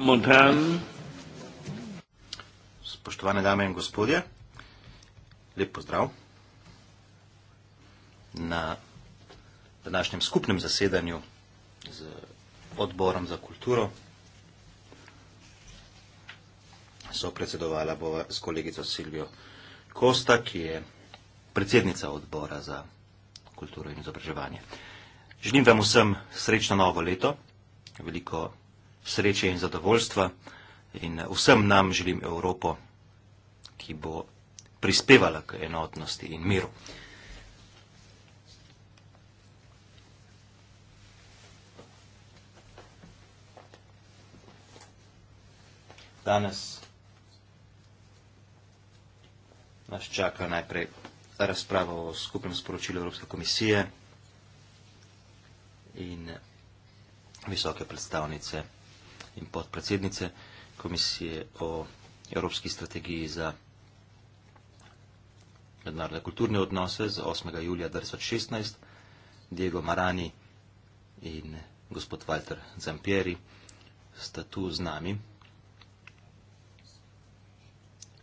Montan. Spoštovane dame in gospodje, lep pozdrav na današnjem skupnem zasedanju z odborom za kulturo. So predsedovala bova s kolegico Silvijo Kosta, ki je predsednica odbora za kulturo in izobraževanje. Želim vam vsem srečno novo leto, veliko sreče in zadovoljstva in vsem nam želim Evropo, ki bo prispevala k enotnosti in miru. Danes nas čaka najprej razprava o skupnem sporočilu Evropske komisije in visoke predstavnice komisije in podpredsednice Komisije o Evropski strategiji za mednarodne kulturne odnose z 8. julija 2016, Diego Marani in gospod Walter Zampieri sta tu z nami.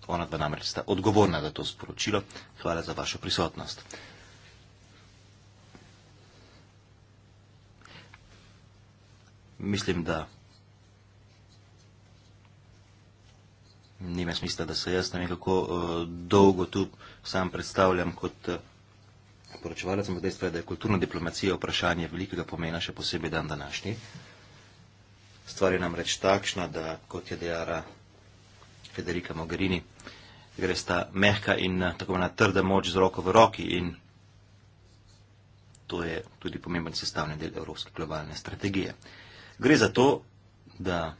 Ona dva namreč sta odgovorna za to sporočilo. Hvala za vašo prisotnost. Mislim, da nima smisla, da se jaz nekako uh, eh, dolgo tu sam predstavljam kot uh, poročevalec, ampak dejstvo je, da je kulturna diplomacija vprašanje velikega pomena, še posebej dan današnji. Stvar je namreč takšna, da kot je dejala Federica Mogherini, gre sta mehka in eh, tako na trda moč z roko v roki in to je tudi pomemben sestavni del evropske globalne strategije. Gre za to, da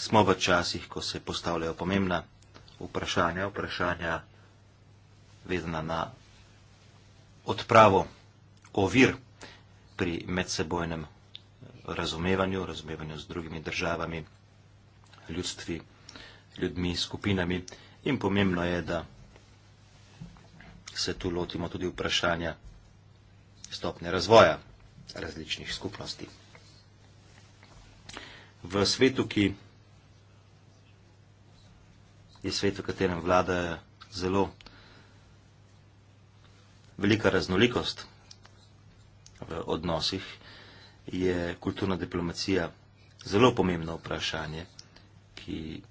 smo v časih, ko se postavljajo pomembna vprašanja, vprašanja vezana na odpravo ovir pri medsebojnem razumevanju, razumevanju z drugimi državami, ljudstvi, ljudmi, skupinami. In pomembno je, da se tu lotimo tudi vprašanja stopne razvoja različnih skupnosti. V svetu, ki je svet, v katerem vlada zelo velika raznolikost v odnosih, je kulturna diplomacija zelo pomembno vprašanje, ki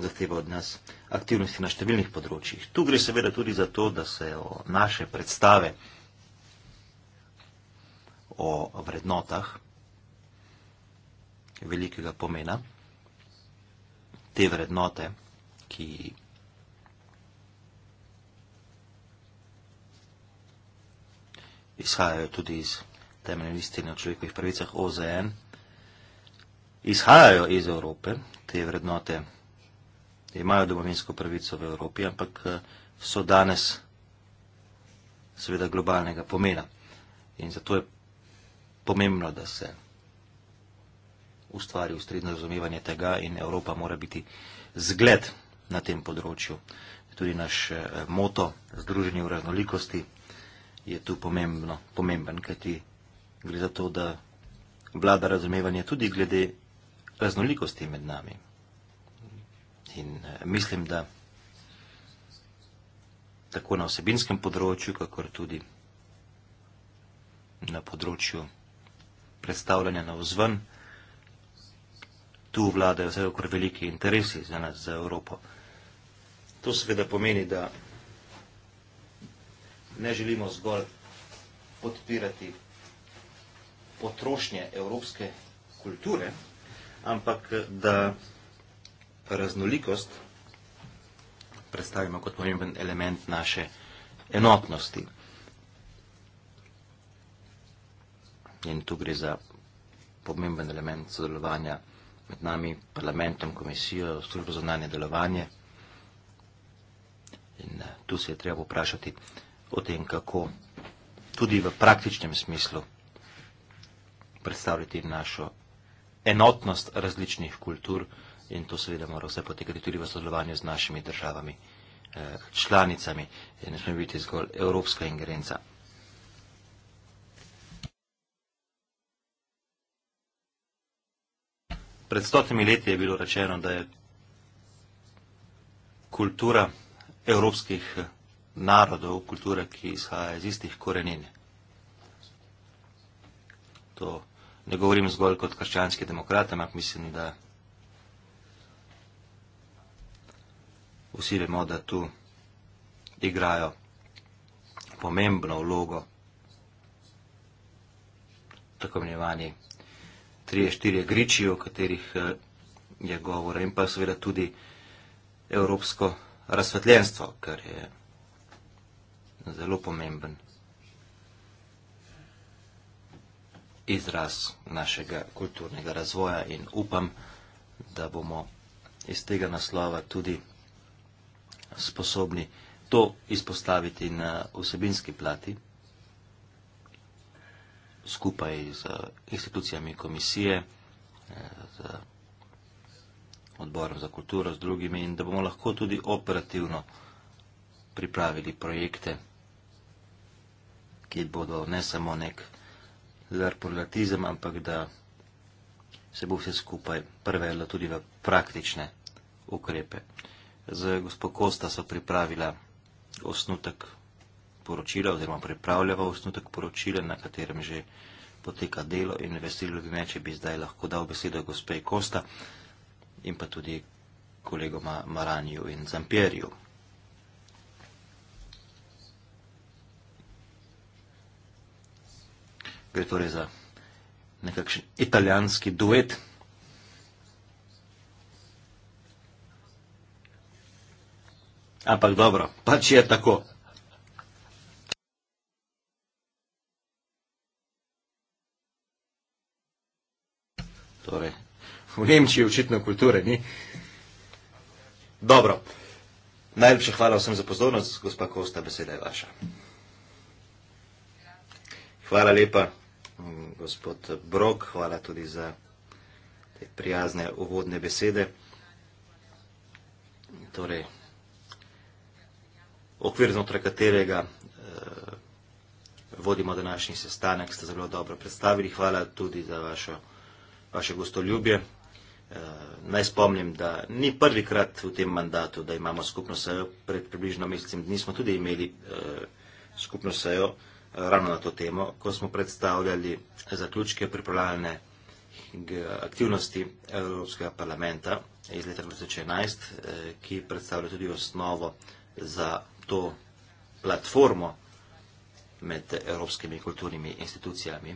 zahteva od nas aktivnosti na številnih področjih. Tu gre seveda tudi za to, da se o naše predstave o vrednotah velikega pomena, te vrednote, ki izhajajo tudi iz temeljne listine o človekovih pravicah OZN, izhajajo iz Evrope, te vrednote imajo domovinsko pravico v Evropi, ampak eh, so danes seveda globalnega pomena. In zato je pomembno, da se ustvari ustredno razumevanje tega in Evropa mora biti zgled na tem področju. Tudi naš eh, moto Združenje v raznolikosti je tu pomembno, pomemben, kajti gre za to, da vlada razumevanje tudi glede raznolikosti med nami. In eh, mislim, da tako na osebinskem področju, kakor tudi na področju predstavljanja na vzven, tu vladajo vse okor veliki interesi za nas, za Evropo. To seveda pomeni, da ne želimo zgolj podpirati potrošnje evropske kulture, ampak da raznolikost predstavimo kot pomemben element naše enotnosti. In tu gre za pomemben element sodelovanja med nami, parlamentom, komisijo, službo za znanje delovanje. In eh, tu se je treba vprašati o tem, kako tudi v praktičnem smislu predstavljati našo enotnost različnih kultur in to seveda mora vse potekati tudi v sodelovanju z našimi državami, eh, članicami in ne smemo biti zgolj evropska ingerenca. pred stotimi leti je bilo rečeno, da je kultura evropskih narodov, kultura, ki izhaja iz istih korenin. To ne govorim zgolj kot krščanski demokrat, ampak mislim, da vsi vemo, da tu igrajo pomembno vlogo tako imenovani tri, štiri griči, o katerih eh, je govora in pa seveda tudi evropsko razsvetljenstvo, kar je zelo pomemben izraz našega kulturnega razvoja in upam, da bomo iz tega naslova tudi sposobni to izpostaviti na vsebinski plati skupaj z institucijami komisije, eh, z odborom za kulturo, z drugimi in da bomo lahko tudi operativno pripravili projekte, ki bodo ne samo nek zarporlatizem, ampak da se bo vse skupaj prevedlo tudi v praktične ukrepe. Z gospod Kosta so pripravila osnutek poročila oziroma pripravljava osnutek poročila, na katerem že poteka delo in veselilo bi me, če bi zdaj lahko dal besedo gospej Kosta in pa tudi kolegoma Maranju in Zampierju. Gre torej za nekakšen italijanski duet. Ampak dobro, pač je tako. Torej, v Nemčiji očitno kulture ni. Dobro. Najlepše hvala vsem za pozornost, gospa Kosta, beseda je vaša. Hvala lepa, mm, gospod Brok, hvala tudi za te prijazne uvodne besede. Torej, okvir znotraj katerega eh, vodimo današnji sestanek, ste zelo dobro predstavili. Hvala tudi za vašo pozornost vaše gostoljubje. Eh, naj spomnim, da ni prvi krat v tem mandatu, da imamo skupno sejo. Pred približno mesecem dni smo tudi imeli eh, skupno sejo eh, ravno na to temo, ko smo predstavljali zaključke pripravljalne aktivnosti Evropskega parlamenta iz leta 2011, ki predstavlja tudi osnovo za to platformo med evropskimi kulturnimi institucijami,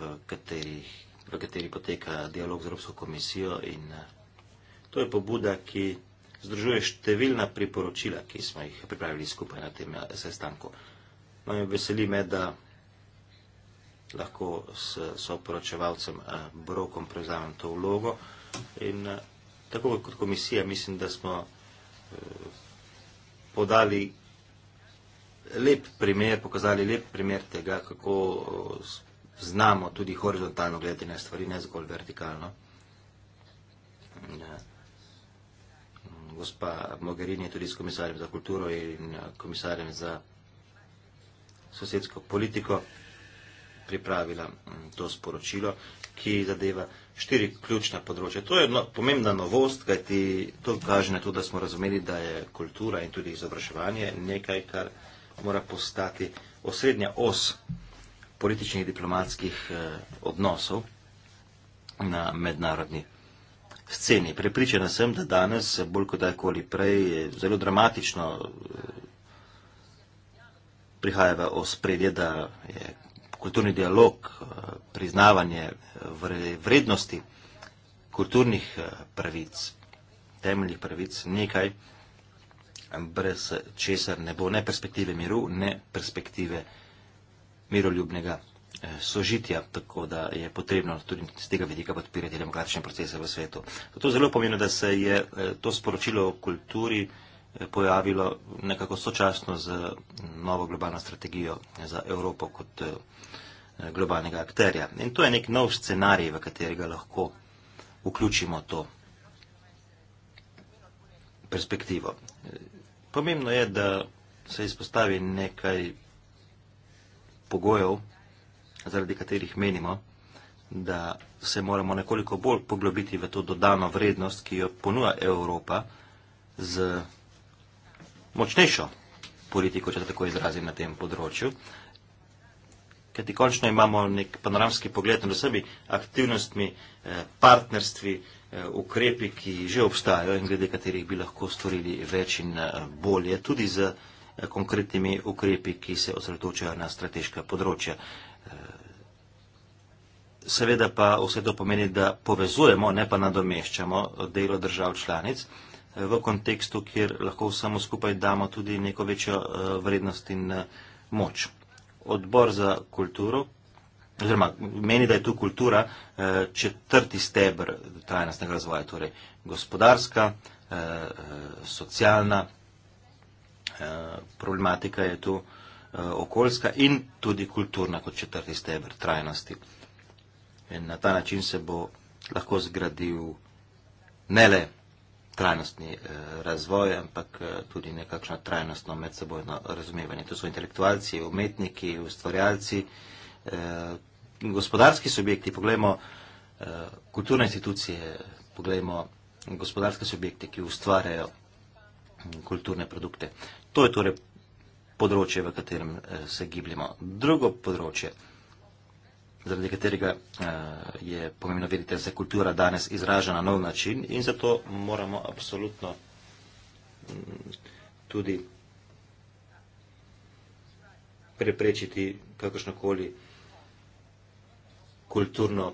v katerih v kateri poteka dialog z Evropsko komisijo in eh, to je pobuda, ki združuje številna priporočila, ki smo jih pripravili skupaj na tem eh, sestanku. No in veseli me, da lahko s soporočevalcem eh, Brokom prevzamem to vlogo in tako kot komisija mislim, da smo podali lep primer, pokazali lep primer tega, kako spravljamo znamo tudi horizontalno gledati na stvari, ne zgolj vertikalno. Eh, gospa Mogherini je tudi s komisarjem za kulturo in eh, komisarjem za sosedsko politiko pripravila mm, to sporočilo, ki zadeva štiri ključna področja. To je no, pomembna novost, kajti to kaže na to, da smo razumeli, da je kultura in tudi izobraževanje nekaj, kar mora postati osrednja os političnih diplomatskih eh, odnosov na mednarodni sceni. Prepričana sem, da danes, bolj kot dajkoli prej, zelo dramatično eh, prihaja v ospredje, da je kulturni dialog, eh, priznavanje vrednosti kulturnih pravic, temeljih pravic, nekaj, brez česar ne bo ne perspektive miru, ne perspektive vrednosti miroljubnega eh, sožitja, tako da je potrebno tudi z tega vidika podpirati demokratične procese v svetu. Zato zelo pomeni, da se je eh, to sporočilo o kulturi eh, pojavilo nekako sočasno z novo globalno strategijo za Evropo kot globalnega akterja. In to je nek nov scenarij, v katerega lahko vključimo to perspektivo. Pomembno je, da se izpostavi nekaj pogojev, zaradi katerih menimo, da se moramo nekoliko bolj poglobiti v to dodano vrednost, ki jo ponuja Evropa z močnejšo politiko, če tako izrazim na tem področju. Kajti končno imamo nek panoramski pogled na sebi aktivnostmi, eh, partnerstvi, eh, ukrepi, ki že obstajajo in glede katerih bi lahko storili več in eh, bolje, tudi z Eh, konkretnimi ukrepi, ki se osredotočajo na strateška področja. Eh, seveda pa vse to pomeni, da povezujemo, ne pa nadomeščamo delo držav članic eh, v kontekstu, kjer lahko vsemu skupaj damo tudi neko večjo vrednost in moč. Odbor za kulturo, oziroma meni, da je tu kultura četrti stebr trajnostnega razvoja, torej gospodarska, socialna, Eh, problematika je tu eh, okoljska in tudi kulturna kot četrti stebr trajnosti. In na ta način se bo lahko zgradil ne le trajnostni eh, razvoj, ampak tudi nekakšno trajnostno medsebojno razumevanje. To so intelektualci, umetniki, ustvarjalci, gospodarski subjekti, pogledajmo kulturne institucije, pogledajmo gospodarske subjekte, ki ustvarjajo mm, kulturne produkte. To je torej področje, v katerem eh, se gibljamo. Drugo področje, zaradi katerega eh, je pomembno vedeti, da se kultura danes izraža na nov način in zato moramo apsolutno mm, tudi preprečiti kakršnokoli kulturno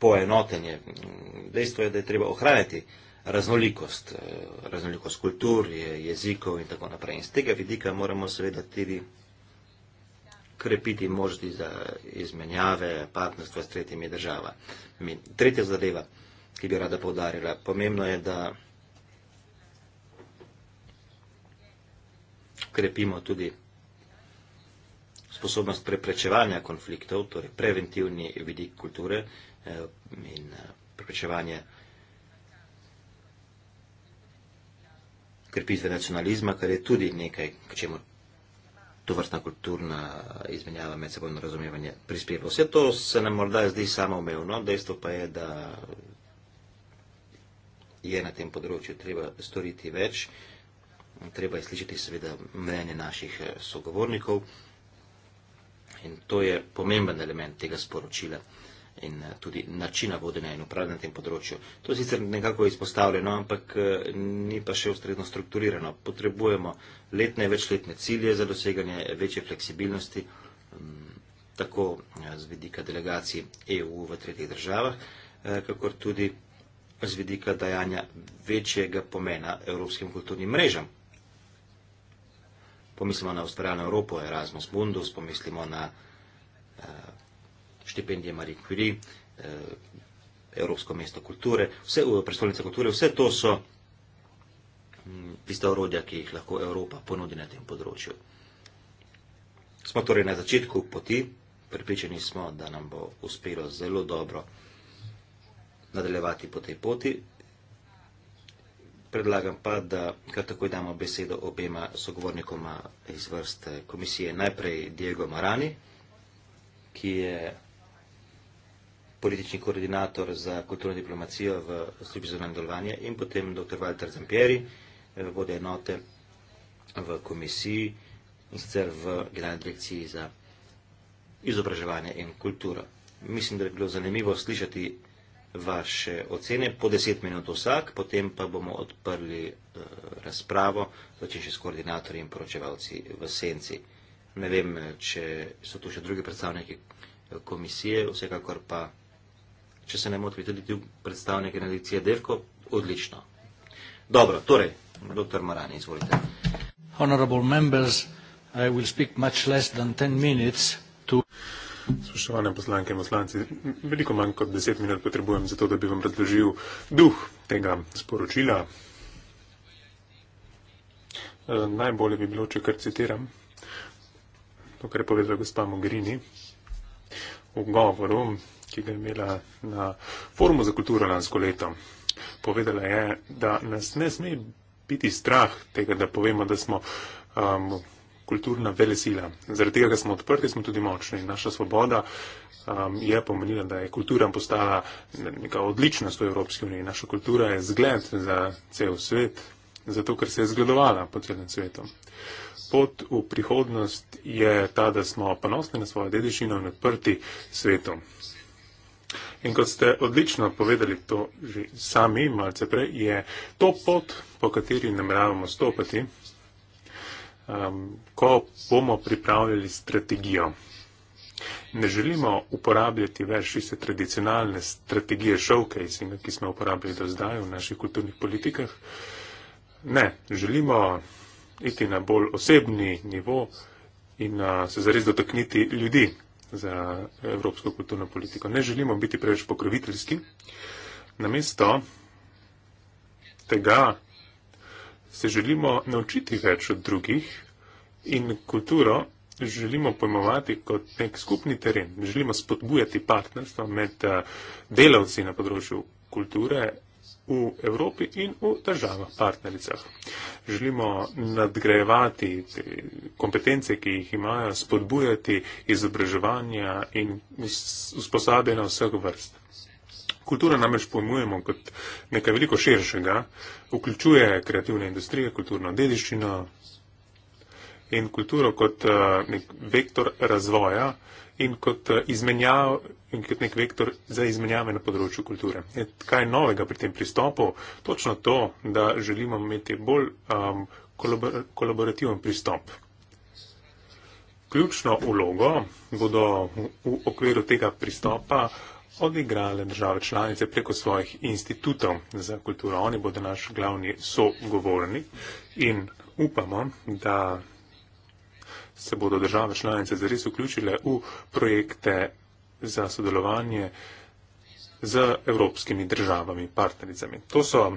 poenotenje. Dejstvo je, da je treba ohraniti raznolikost, eh, raznolikost kultur, jezikov in tako naprej. In z tega vidika moramo seveda tudi krepiti možnosti za izmenjave, partnerstva s tretjimi državami. Tretja zadeva, ki bi rada povdarila, pomembno je, da krepimo tudi sposobnost preprečevanja konfliktov, torej preventivni vidik kulture, Eh, in eh, preprečevanje krepitve nacionalizma, kar je tudi nekaj, k čemu to vrstna kulturna eh, izmenjava med seboj na razumevanje prispeva. Vse to se nam morda zdi samoumevno, dejstvo pa je, da je na tem področju treba storiti več, treba je slišati seveda mnenje naših sogovornikov in to je pomemben element tega sporočila in eh, tudi načina vodenja in upravljanja na tem področju. To je sicer nekako izpostavljeno, ampak eh, ni pa še ustrezno strukturirano. Potrebujemo letne, večletne cilje za doseganje večje fleksibilnosti, mm, tako eh, z vidika delegacij EU v tretjih državah, kakor tudi z vidika dajanja večjega pomena evropskim kulturnim mrežam. Pomislimo na ustvarjalno Evropo, Erasmus Mundus, pomislimo na štipendije Marie Curie, eh, Evropsko mesto kulture, vse, eh, predstavnice kulture, vse to so mm, tiste orodja, ki jih lahko Evropa ponudi na tem področju. Smo torej na začetku poti, pripričani smo, da nam bo uspelo zelo dobro nadaljevati po tej poti. Predlagam pa, da kar takoj damo besedo obema sogovornikoma iz vrste eh, komisije. Najprej Diego Marani, ki je politični koordinator za kulturno diplomacijo v službi za delovanje in potem dr. Walter Zampieri, eh, vodja enote v komisiji in sicer v generalni direkciji za izobraževanje in kulturo. Mislim, da bi bilo zanimivo slišati vaše ocene, po deset minut vsak, potem pa bomo odprli e, razpravo, začenši s koordinatorji in poročevalci v senci. Ne vem, eh, če so tu še drugi predstavniki komisije, vsekakor pa če se ne motim, tudi tu predstavnik generacije Devko, odlično. Dobro, torej, dr. Marani, izvolite. Honorable members, I will speak much less than 10 minutes to. Spoštovane poslanke in poslanci, veliko manj kot 10 minut potrebujem za to, da bi vam razložil duh tega sporočila. E, najbolje bi bilo, če kar citiram, to, kar je povedala gospa Mogherini v govoru ki ga je imela na forumu za kulturo lansko leto. Povedala je, da nas ne sme biti strah tega, da povemo, da smo um, kulturna velesila. Zaradi tega, ker smo odprti, smo tudi močni. Naša svoboda um, je pomenila, da je kultura postala neka odličnost v Evropski uniji. Naša kultura je zgled za cel svet, zato ker se je zgledovala po celem svetu. Pot v prihodnost je ta, da smo ponosni na svojo dedišino in odprti svetu. In kot ste odlično povedali to že sami, malce prej, je to pot, po kateri namravamo stopiti, um, ko bomo pripravljali strategijo. Ne želimo uporabljati več iste tradicionalne strategije showcasinga, ki smo uporabljali do zdaj v naših kulturnih politikah. Ne, želimo iti na bolj osebni nivo in uh, se zares dotakniti ljudi za evropsko kulturno politiko. Ne želimo biti preveč pokroviteljski. Namesto tega se želimo naučiti več od drugih in kulturo želimo pojmovati kot nek skupni teren. Želimo spodbujati partnerstvo med eh, delavci na področju kulture v Evropi in v državah partnericah. Želimo nadgrajevati kompetence, ki jih imajo, spodbujati izobraževanja in usposabljanja vseh vrst. Kultura namreč pojmujemo kot nekaj veliko širšega, vključuje kreativne industrije, kulturno dediščino in kulturo kot eh, nek vektor razvoja in kot eh, izmenjav in kot nek vektor za izmenjave na področju kulture. Kaj je novega pri tem pristopu? Točno to, da želimo imeti bolj um, kolabor kolaborativen pristop. Ključno ulogo bodo v okviru tega pristopa odigrale države članice preko svojih institutov za kulturo. Oni bodo naš glavni sogovorni in upamo, da se bodo države članice zares vključile v projekte za sodelovanje z evropskimi državami, partnericami. To so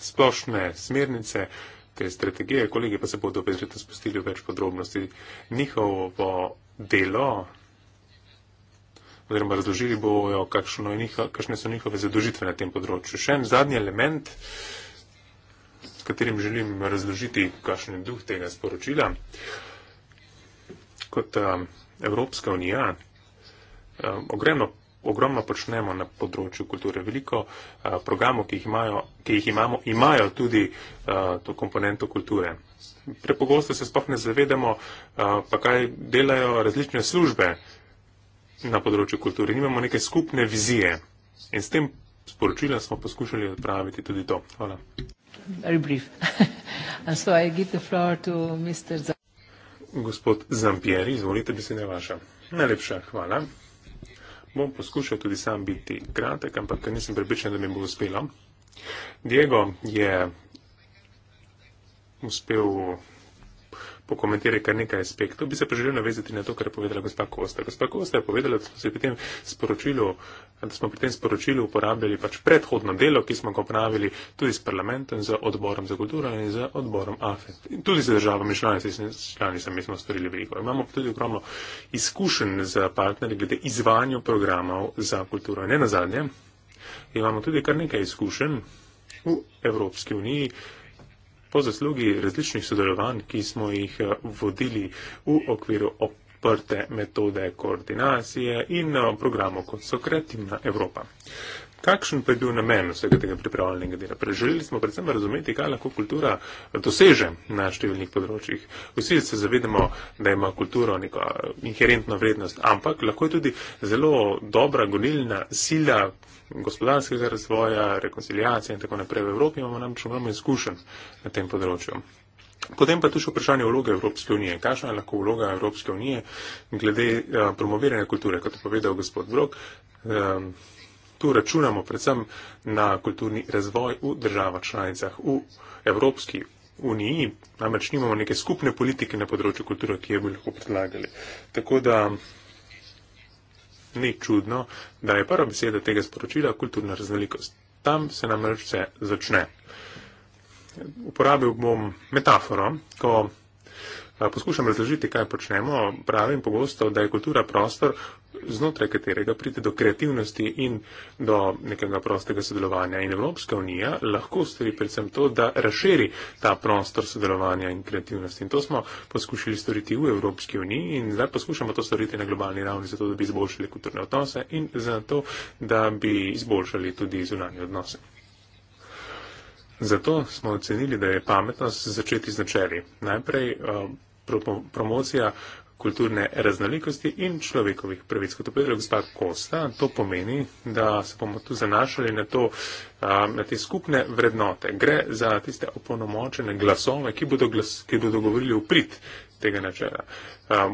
splošne smernice te strategije, kolegi pa se bodo verjetno spustili v več podrobnosti. Njihovo delo, oziroma razložili bojo, kakšne so njihove zadožitve na tem področju. Še en zadnji element, s katerim želim razložiti, kakšen je duh tega sporočila. Uh, kot um, Evropska unija um, ogromno, ogromno počnemo na področju kulture. Veliko uh, programov, ki jih, imajo, ki jih imamo, imajo tudi uh, to komponento kulture. Prepogosto se sploh ne zavedamo, uh, pa kaj delajo različne službe na področju kulture. Nimamo neke skupne vizije in s tem sporočilom smo poskušali odpraviti tudi to. Hvala. Very brief. and so I give the floor to Mr. Zan. Gospod Zampieri, izvolite, beseda je vaša. Najlepša hvala. Bom poskušal tudi sam biti kratek, ampak nisem prepričan, da mi bo uspelo. Diego je uspel pokomentira kar nekaj aspektov, bi se pa želel navezati na to, kar je povedala gospa Kosta. Gospa Kosta je povedala, da smo, pri tem, da smo pri tem sporočilu uporabljali pač predhodno delo, ki smo ga opravili tudi s parlamentom, z odborom za kulturo in z odborom AFE. In tudi z državami članicami smo storili veliko. Imamo tudi ogromno izkušenj z partnerji glede izvanju programov za kulturo. In ne nazadnje, imamo tudi kar nekaj izkušenj v Evropski uniji, po zaslugi različnih sodelovanj, ki smo jih eh, vodili v okviru oprte metode koordinacije in eh, programov kot so Kreativna Evropa. Kakšen pa je bil namen vsega tega pripravljenega dela? Preželjeli smo predvsem razumeti, kaj lahko kultura eh, doseže na številnih področjih. Vsi se zavedamo, da ima kultura neko inherentno vrednost, ampak lahko je tudi zelo dobra gonilna sila gospodarskega razvoja, rekonciliacije in tako naprej v Evropi imamo namreč ogromno izkušenj na tem področju. Potem pa tu še vprašanje vloge Evropske unije. Kakšna je lahko vloga Evropske unije glede uh, promoviranja kulture, kot je povedal gospod Brok. Um, tu računamo predvsem na kulturni razvoj v državah članicah, v Evropski uniji, namreč nimamo neke skupne politike na področju kulture, ki jo bi lahko predlagali. Tako da ni čudno, da je prva beseda tega sporočila kulturna raznolikost. Tam se namreč vse začne. Uporabil bom metaforo, ko eh, poskušam razložiti, kaj počnemo. Pravim pogosto, da je kultura prostor, znotraj katerega pride do kreativnosti in do nekega prostega sodelovanja. In Evropska unija lahko stori predvsem to, da razširi ta prostor sodelovanja in kreativnosti. In to smo poskušali storiti v Evropski uniji in zdaj poskušamo to storiti na globalni ravni, zato da bi izboljšali kulturne odnose in zato, da bi izboljšali tudi zunanje odnose. Zato smo ocenili, da je pametno začeti z načeli. Najprej uh, promocija kulturne raznolikosti in človekovih pravic. Kot povedala gospa Kosta, to pomeni, da se bomo tu zanašali na, to, na te skupne vrednote. Gre za tiste opolnomočene glasove, ki bodo, glas, ki bodo govorili v prid tega načela.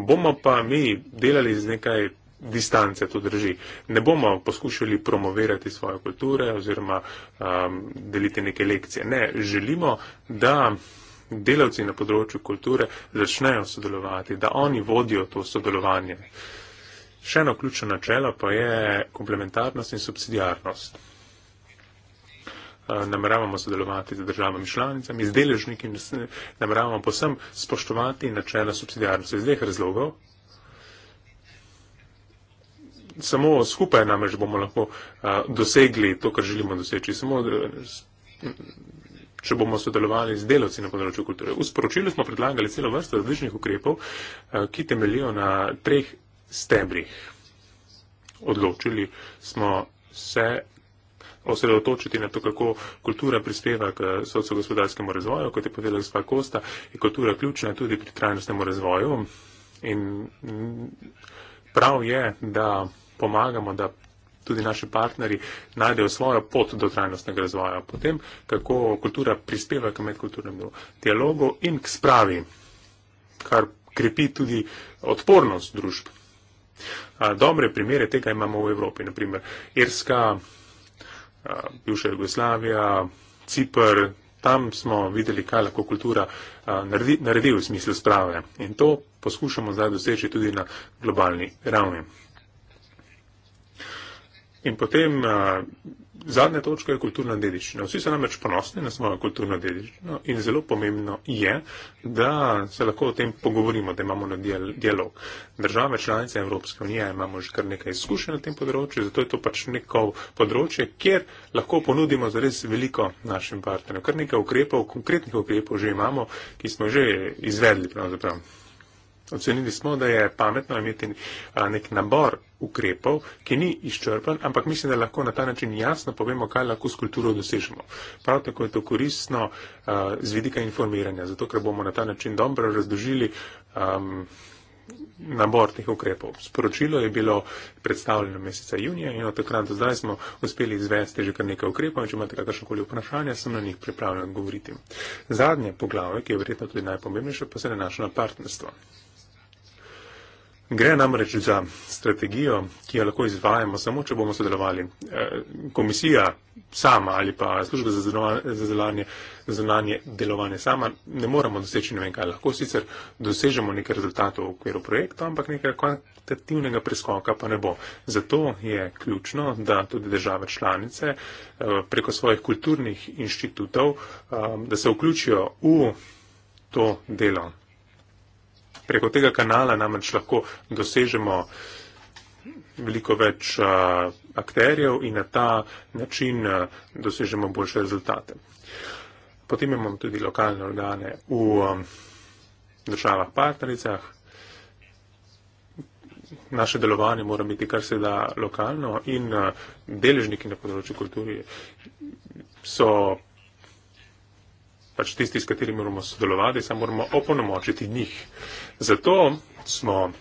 Bomo pa mi delali z nekaj distance, to drži. Ne bomo poskušali promovirati svoje kulture oziroma deliti neke lekcije. Ne, želimo, da delavci na področju kulture začnejo sodelovati, da oni vodijo to sodelovanje. Še eno ključno načelo pa je komplementarnost in subsidijarnost. Eh, nameravamo sodelovati z državami članicami, z deležniki, nameravamo posem spoštovati načela subsidijarnosti iz dveh razlogov. Samo skupaj namreč bomo lahko eh, dosegli to, kar želimo doseči. Samo eh, če bomo sodelovali z delavci na področju kulture. V sporočilu smo predlagali celo vrsto različnih ukrepov, eh, ki temeljijo na treh stebrih. Odločili smo se osredotočiti na to, kako kultura prispeva k sociogospodarskemu razvoju, kot je povedala gospa Kosta, je kultura ključna tudi pri trajnostnemu razvoju. In prav je, da pomagamo, da tudi naši partneri najdejo svojo pot do trajnostnega razvoja, potem kako kultura prispeva k medkulturnemu dialogu in k spravi, kar krepi tudi odpornost družb. Dobre primere tega imamo v Evropi, naprimer Irska, bivša Jugoslavija, Cipr, tam smo videli, kaj lahko kultura naredi, naredi v smislu sprave in to poskušamo zdaj doseči tudi na globalni ravni. In potem a, eh, zadnja točka je kulturna dediščina. Vsi so namreč ponosni na svojo kulturno dediščino in zelo pomembno je, da se lahko o tem pogovorimo, da imamo na dial dialog. Države članice Evropske unije imamo že kar nekaj izkušenj na tem področju, zato je to pač neko področje, kjer lahko ponudimo zares veliko našim partnerjem. Kar nekaj ukrepov, konkretnih ukrepov že imamo, ki smo že izvedli pravzaprav. Prav. Ocenili smo, da je pametno imeti nek nabor ukrepov, ki ni izčrpan, ampak mislim, da lahko na ta način jasno povemo, kaj lahko s kulturo dosežemo. Prav tako je to koristno z vidika informiranja, zato ker bomo na ta način dobro razložili um, nabor teh ukrepov. Sporočilo je bilo predstavljeno meseca junija in od takrat do zdaj smo uspeli izvesti že kar nekaj ukrepov in če imate kakršnokoli vprašanja, sem na njih pripravljen odgovoriti. Zadnje poglavje, ki je verjetno tudi najpomembnejše, pa se nanaša na partnerstvo. Gre namreč za strategijo, ki jo lahko izvajamo samo, če bomo sodelovali. Eh, komisija sama ali pa služba za zelanje, za zelanje delovanje sama ne moremo doseči ne vem kaj. Lahko sicer dosežemo nekaj rezultatov v okviru projekta, ampak nekaj kvantitativnega preskoka pa ne bo. Zato je ključno, da tudi države članice eh, preko svojih kulturnih inštitutov, eh, da se vključijo v to delo Preko tega kanala namreč lahko dosežemo veliko več a, akterjev in na ta način a, dosežemo boljše rezultate. Potem imamo tudi lokalne organe v a, državah partnericah. Naše delovanje mora biti kar se da lokalno in a, deležniki na področju kulturi so pač tisti, s katerimi moramo sodelovati, samo moramo opolnomočiti njih. Zato smo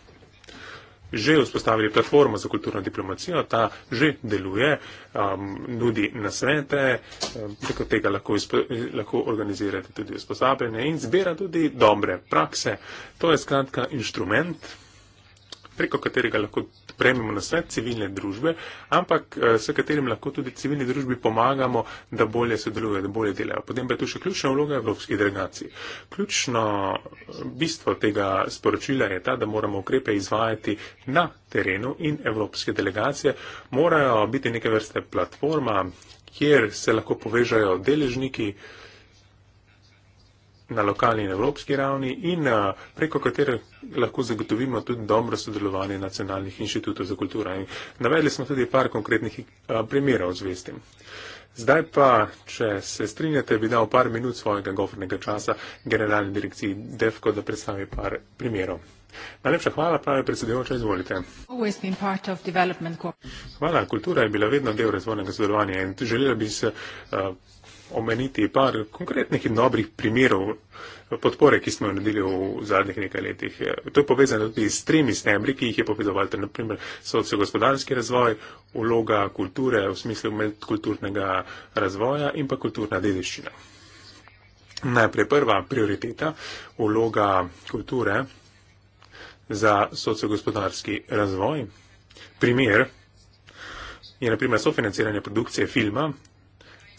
že vzpostavili platformo za kulturno diplomacijo, ta že deluje, um, nudi nasvete, um, preko tega lahko, izpo, lahko organizirate tudi usposabljanje in zbira tudi dobre prakse. To je skratka inštrument preko katerega lahko prejmemo na svet civilne družbe, ampak eh, s katerim lahko tudi civilni družbi pomagamo, da bolje sodelujejo, da bolje delajo. Potem pa je tu še ključna vloga evropskih delegacij. Ključno eh, bistvo tega sporočila je ta, da moramo ukrepe izvajati na terenu in evropske delegacije morajo biti neke vrste platforma, kjer se lahko povežajo deležniki, na lokalni in evropski ravni in eh, preko katere lahko zagotovimo tudi dobro sodelovanje nacionalnih inštitutov za kulturo. In navedli smo tudi par konkretnih eh, primerov zvestim. Zdaj pa, če se strinjate, bi dal par minut svojega govornega časa generalni direkciji DEFCO, da predstavi par primerov. Najlepša hvala, pravi predsedujoča, izvolite. Hvala, kultura je bila vedno del razvojnega sodelovanja in želela bi se uh, omeniti par konkretnih in dobrih primerov podpore, ki smo jo naredili v zadnjih nekaj letih. To je povezano tudi s tremi stembri, ki jih je povedoval, to je naprimer sociogospodarski razvoj, vloga kulture v smislu medkulturnega razvoja in pa kulturna dediščina. Najprej prva prioriteta, vloga kulture za sociogospodarski razvoj. Primer je naprimer sofinanciranje produkcije filma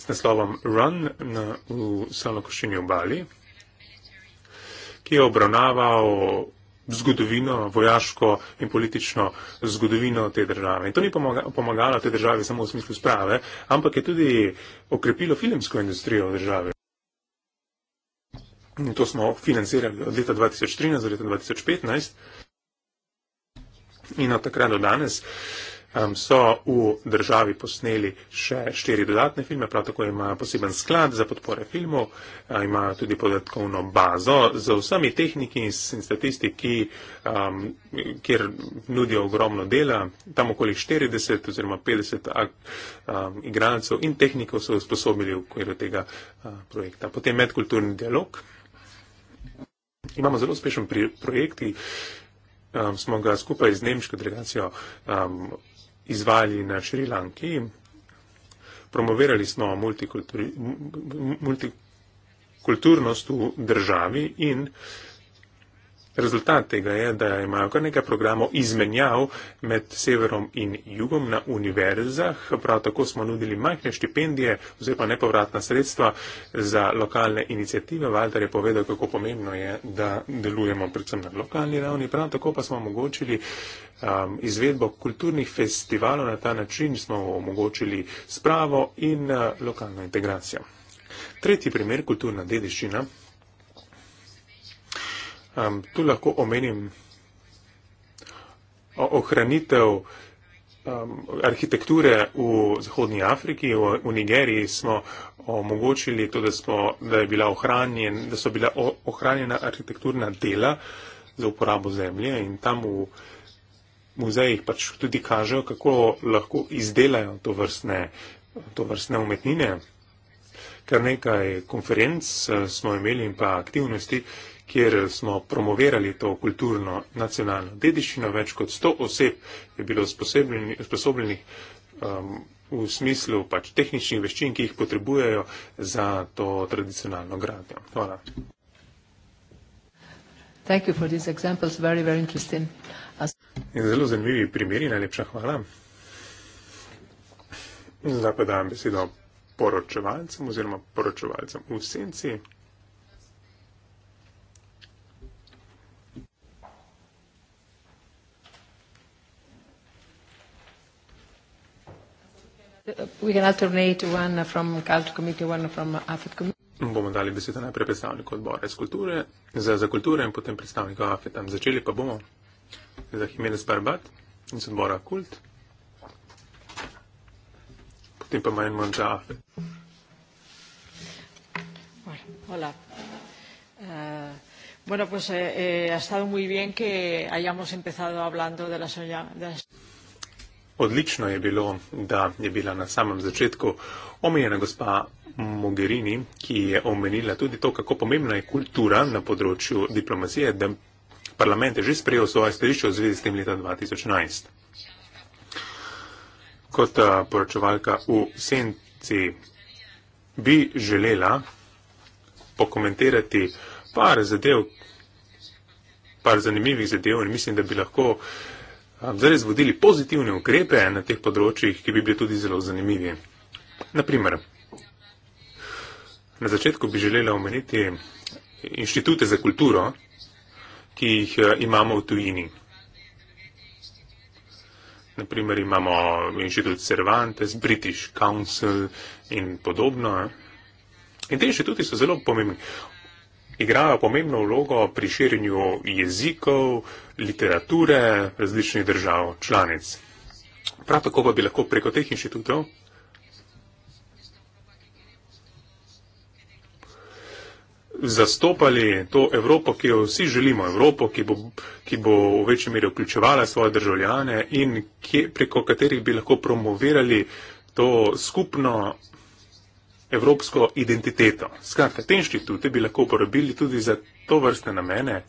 z naslovom Run na, v Salokošini obali, ki je obravnaval zgodovino, vojaško in politično zgodovino te države. In to ni pomagalo te države samo v smislu sprave, ampak je tudi okrepilo filmsko industrijo države. In to smo financirali od leta 2013 do leta 2015 in od takrat do danes um, so v državi posneli še štiri dodatne filme, prav tako imajo poseben sklad za podpore filmov, um, imajo tudi podatkovno bazo z vsemi tehniki in statistiki, um, kjer nudijo ogromno dela. Tam okoli 40 oziroma 50 um, igralcev in tehnikov so usposobili v okviru tega uh, projekta. Potem medkulturni dialog. Imamo zelo uspešen projekt, ki um, smo ga skupaj z nemško delegacijo um, izvajali na Šrilanki. Promovirali smo multikulturnost v državi in uh, Rezultat tega je, da imajo kar nekaj programov izmenjav med severom in jugom na univerzah. Prav tako smo nudili majhne štipendije oziroma nepovratna sredstva za lokalne inicijative. Valter je povedal, kako pomembno je, da delujemo predvsem na lokalni ravni. Prav tako pa smo omogočili um, izvedbo kulturnih festivalov na ta način, smo omogočili spravo in uh, lokalno integracijo. Tretji primer, kulturna dediščina. Um, tu lahko omenim ohranitev um, arhitekture v Zahodnji Afriki, v, v Nigeriji smo omogočili to, da, smo, da, je bila ohranjen, da so bila ohranjena arhitekturna dela za uporabo zemlje in tam v muzejih pač tudi kažejo, kako lahko izdelajo to vrstne, to vrstne umetnine. Kar nekaj konferenc eh, smo imeli in pa aktivnosti, uh, kjer smo promovirali to kulturno nacionalno dediščino. Več kot 100 oseb je bilo sposobljenih um, v smislu pač tehničnih veščin, ki jih potrebujejo za to tradicionalno gradnjo. Hvala. Very, very As... Zelo zanimivi primeri, najlepša hvala. Zdaj pa dajem besedo poročevalcem oziroma poročevalcem v senci. We can alternate one from culture committee, one from AFET committee. Bomo dali besedo najprej predstavniku odbora iz kulture, za, za kulture in potem predstavniku AFET. -am. Začeli pa bomo za Jimenez Barbat iz odbora Kult. Potem pa manj manj za AFET. Hola. Uh... Bueno, pues eh, eh, ha estado muy bien que hayamos empezado hablando de la, soya, de la... Odlično je bilo, da je bila na samem začetku omenjena gospa Mogherini, ki je omenila tudi to, kako pomembna je kultura na področju diplomacije, da parlament je že sprejel svoje stališče v zvezi s tem leta 2011. Kot poročevalka v senci bi želela pokomentirati par zadev, par zanimivih zadev in mislim, da bi lahko uh, zares zvodili pozitivne ukrepe na teh področjih, ki bi bili tudi zelo zanimivi. Naprimer, na začetku bi želela omeniti inštitute za kulturo, ki jih eh, imamo v tujini. Naprimer, imamo inštitut Cervantes, British Council in podobno. Eh. In te inštituti so zelo pomembni igrajo pomembno vlogo pri širjenju jezikov, literature različnih držav, članic. Prav tako pa bi lahko preko teh inštitutov zastopali to Evropo, ki jo vsi želimo, Evropo, ki bo, ki bo v večji meri vključevala svoje državljane in kje, preko katerih bi lahko promovirali to skupno evropsko identiteto. Skratka, te inštitute bi lahko uporabili tudi za to vrste namene,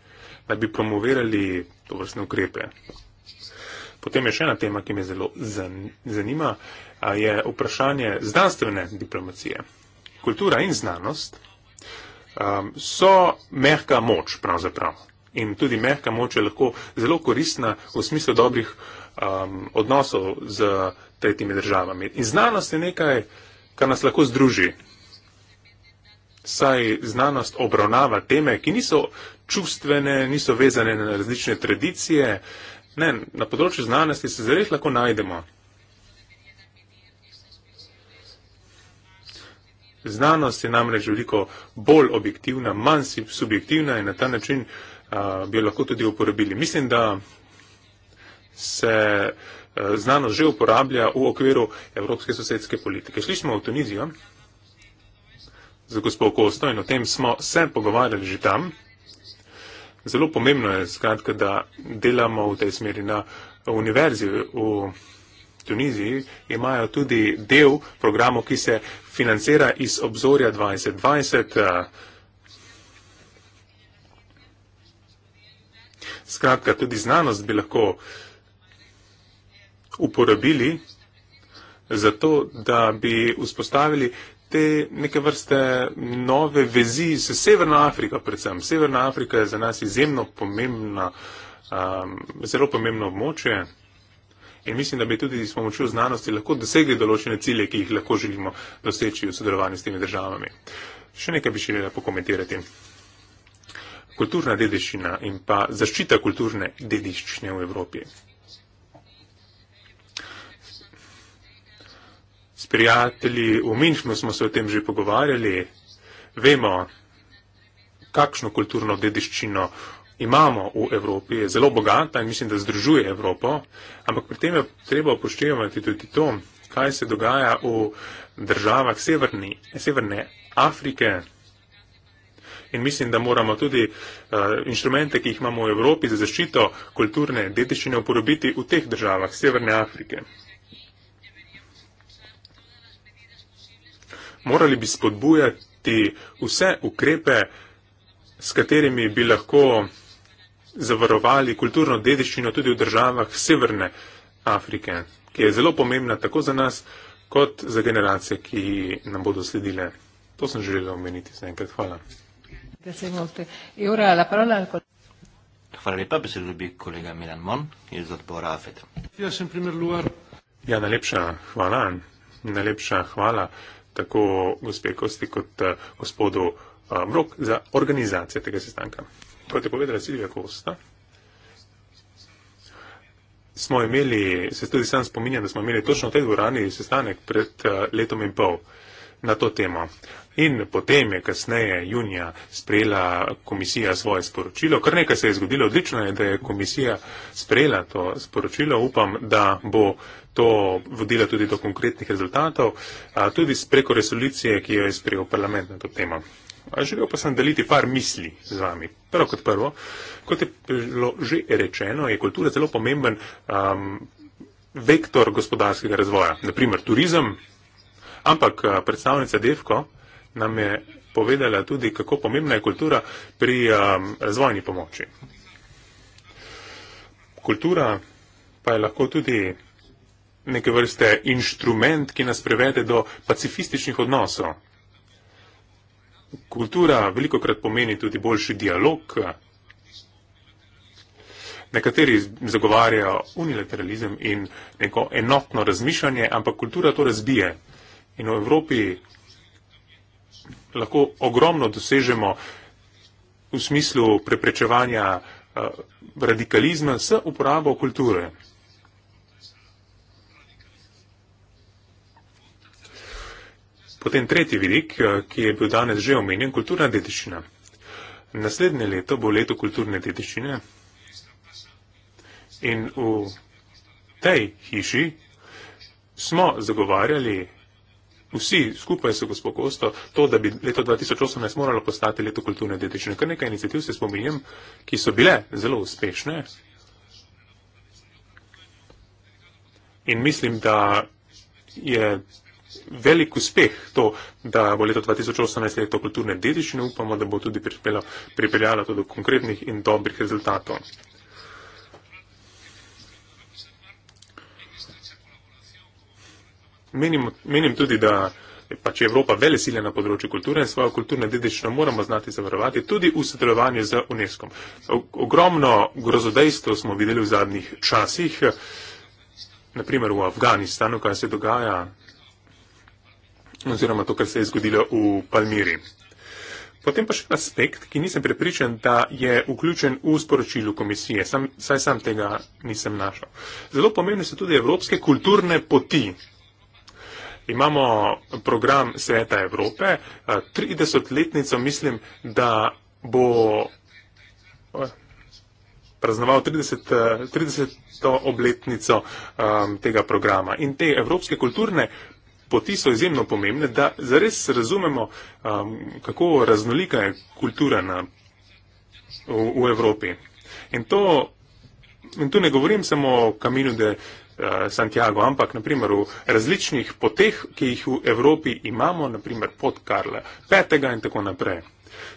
da bi promovirali to vrste ukrepe. Potem je še ena tema, ki me zelo zanima, je vprašanje znanstvene diplomacije. Kultura in znanost um, so mehka moč pravzaprav. In tudi mehka moč je lahko zelo koristna v smislu dobrih um, odnosov z tretjimi državami. In znanost je nekaj, kar nas lahko združi. Saj znanost obravnava teme, ki niso čustvene, niso vezane na različne tradicije. Ne, na področju znanosti se zares lahko najdemo. Znanost je namreč veliko bolj objektivna, manj subjektivna in na ta način uh, bi jo lahko tudi uporabili. Mislim, da se. Uh, Eh, znanost že uporablja v okviru evropske sosedske politike. Šli smo v Tunizijo z gospod Kosto in o tem smo se pogovarjali že tam. Zelo pomembno je skratka, da delamo v tej smeri na univerzi v Tuniziji. Imajo tudi del programov, ki se financira iz obzorja 2020. Eh, skratka, tudi znanost bi lahko uh, uporabili za to, da bi vzpostavili te neke vrste nove vezi s Severna Afrika predvsem. Severna Afrika je za nas izjemno pomembna, um, zelo pomembno območje in mislim, da bi tudi s pomočjo znanosti lahko dosegli določene cilje, ki jih lahko želimo doseči v sodelovanju s temi državami. Še nekaj bi želela pokomentirati. Kulturna dediščina in pa zaščita kulturne dediščine v Evropi. s prijatelji, v Minšmu smo se o tem že pogovarjali, vemo, kakšno kulturno dediščino imamo v Evropi, je zelo bogata in mislim, da združuje Evropo, ampak pri tem je treba upoštevati tudi to, kaj se dogaja v državah severni, Severne Afrike. In mislim, da moramo tudi uh, inštrumente, ki jih imamo v Evropi za zaščito kulturne dediščine, uporabiti v teh državah Severne Afrike. morali bi spodbujati vse ukrepe, s katerimi bi lahko zavarovali kulturno dediščino tudi v državah Severne Afrike, ki je zelo pomembna tako za nas, kot za generacije, ki nam bodo sledile. To sem želela omeniti zaenkrat. Hvala. E hvala lepa, besedo dobi kolega Milan Mon iz odbora AFED. Ja, najlepša hvala. Najlepša hvala tako gospe Kosti kot eh, gospodu eh, Mrok za organizacijo tega sestanka. Kot je povedala Silvija Kosta, smo imeli, se tudi sam spominjam, da smo imeli točno v tej dvorani sestanek pred eh, letom in pol na to temo. In potem je kasneje junija sprejela komisija svoje sporočilo. Kar nekaj se je zgodilo, odlično je, da je komisija sprejela to sporočilo. Upam, da bo to vodila tudi do konkretnih rezultatov, tudi preko resolucije, ki jo je sprejel parlament na to temo. Želel pa sem deliti par misli z vami. Prvo kot prvo, kot je bilo že rečeno, je kultura zelo pomemben um, vektor gospodarskega razvoja. Naprimer, turizem Ampak eh, predstavnica Devko nam je povedala tudi, kako pomembna je kultura pri um, razvojni pomoči. Kultura pa je lahko tudi neke vrste inštrument, ki nas prevede do pacifističnih odnosov. Kultura veliko krat pomeni tudi boljši dialog. Nekateri zagovarjajo unilateralizem in neko enotno razmišljanje, ampak kultura to razbije. In v Evropi lahko ogromno dosežemo v smislu preprečevanja eh, radikalizma s uporabo kulture. Potem tretji vidik, eh, ki je bil danes že omenjen, kulturna dediščina. Naslednje leto bo leto kulturne dediščine in v tej hiši smo zagovarjali vsi skupaj se gospod Kosto, to, da bi leto 2018 moralo postati leto kulturne dedečine. Kar nekaj inicijativ se spominjam, ki so bile zelo uspešne. In mislim, da je velik uspeh to, da bo leto 2018 leto kulturne dediščine, upamo, da bo tudi pripeljalo, pripeljalo tudi do konkretnih in dobrih rezultatov. Menim, menim tudi, da je pač Evropa vele sile na področju kulture in svojo kulturno dedičino moramo znati zavarovati tudi v sodelovanju z UNESCO. Ogromno grozodejstvo smo videli v zadnjih časih, naprimer v Afganistanu, kaj se dogaja, oziroma to, kar se je zgodilo v Palmiri. Potem pa še en aspekt, ki nisem prepričan, da je vključen v sporočilu komisije. Sam, saj sam tega nisem našel. Zelo pomembne so tudi evropske kulturne poti imamo program Sveta Evrope, 30-letnico eh, mislim, da bo eh, praznoval 30, 30. Eh, obletnico um, tega programa. In te evropske kulturne poti so izjemno pomembne, da zares razumemo, um, kako raznolika je kultura na, v, v Evropi. In, to, in tu ne govorim samo o kaminu, da je. Eh, Santiago, ampak naprimer v različnih poteh, ki jih v Evropi imamo, naprimer pod Karla V in tako naprej.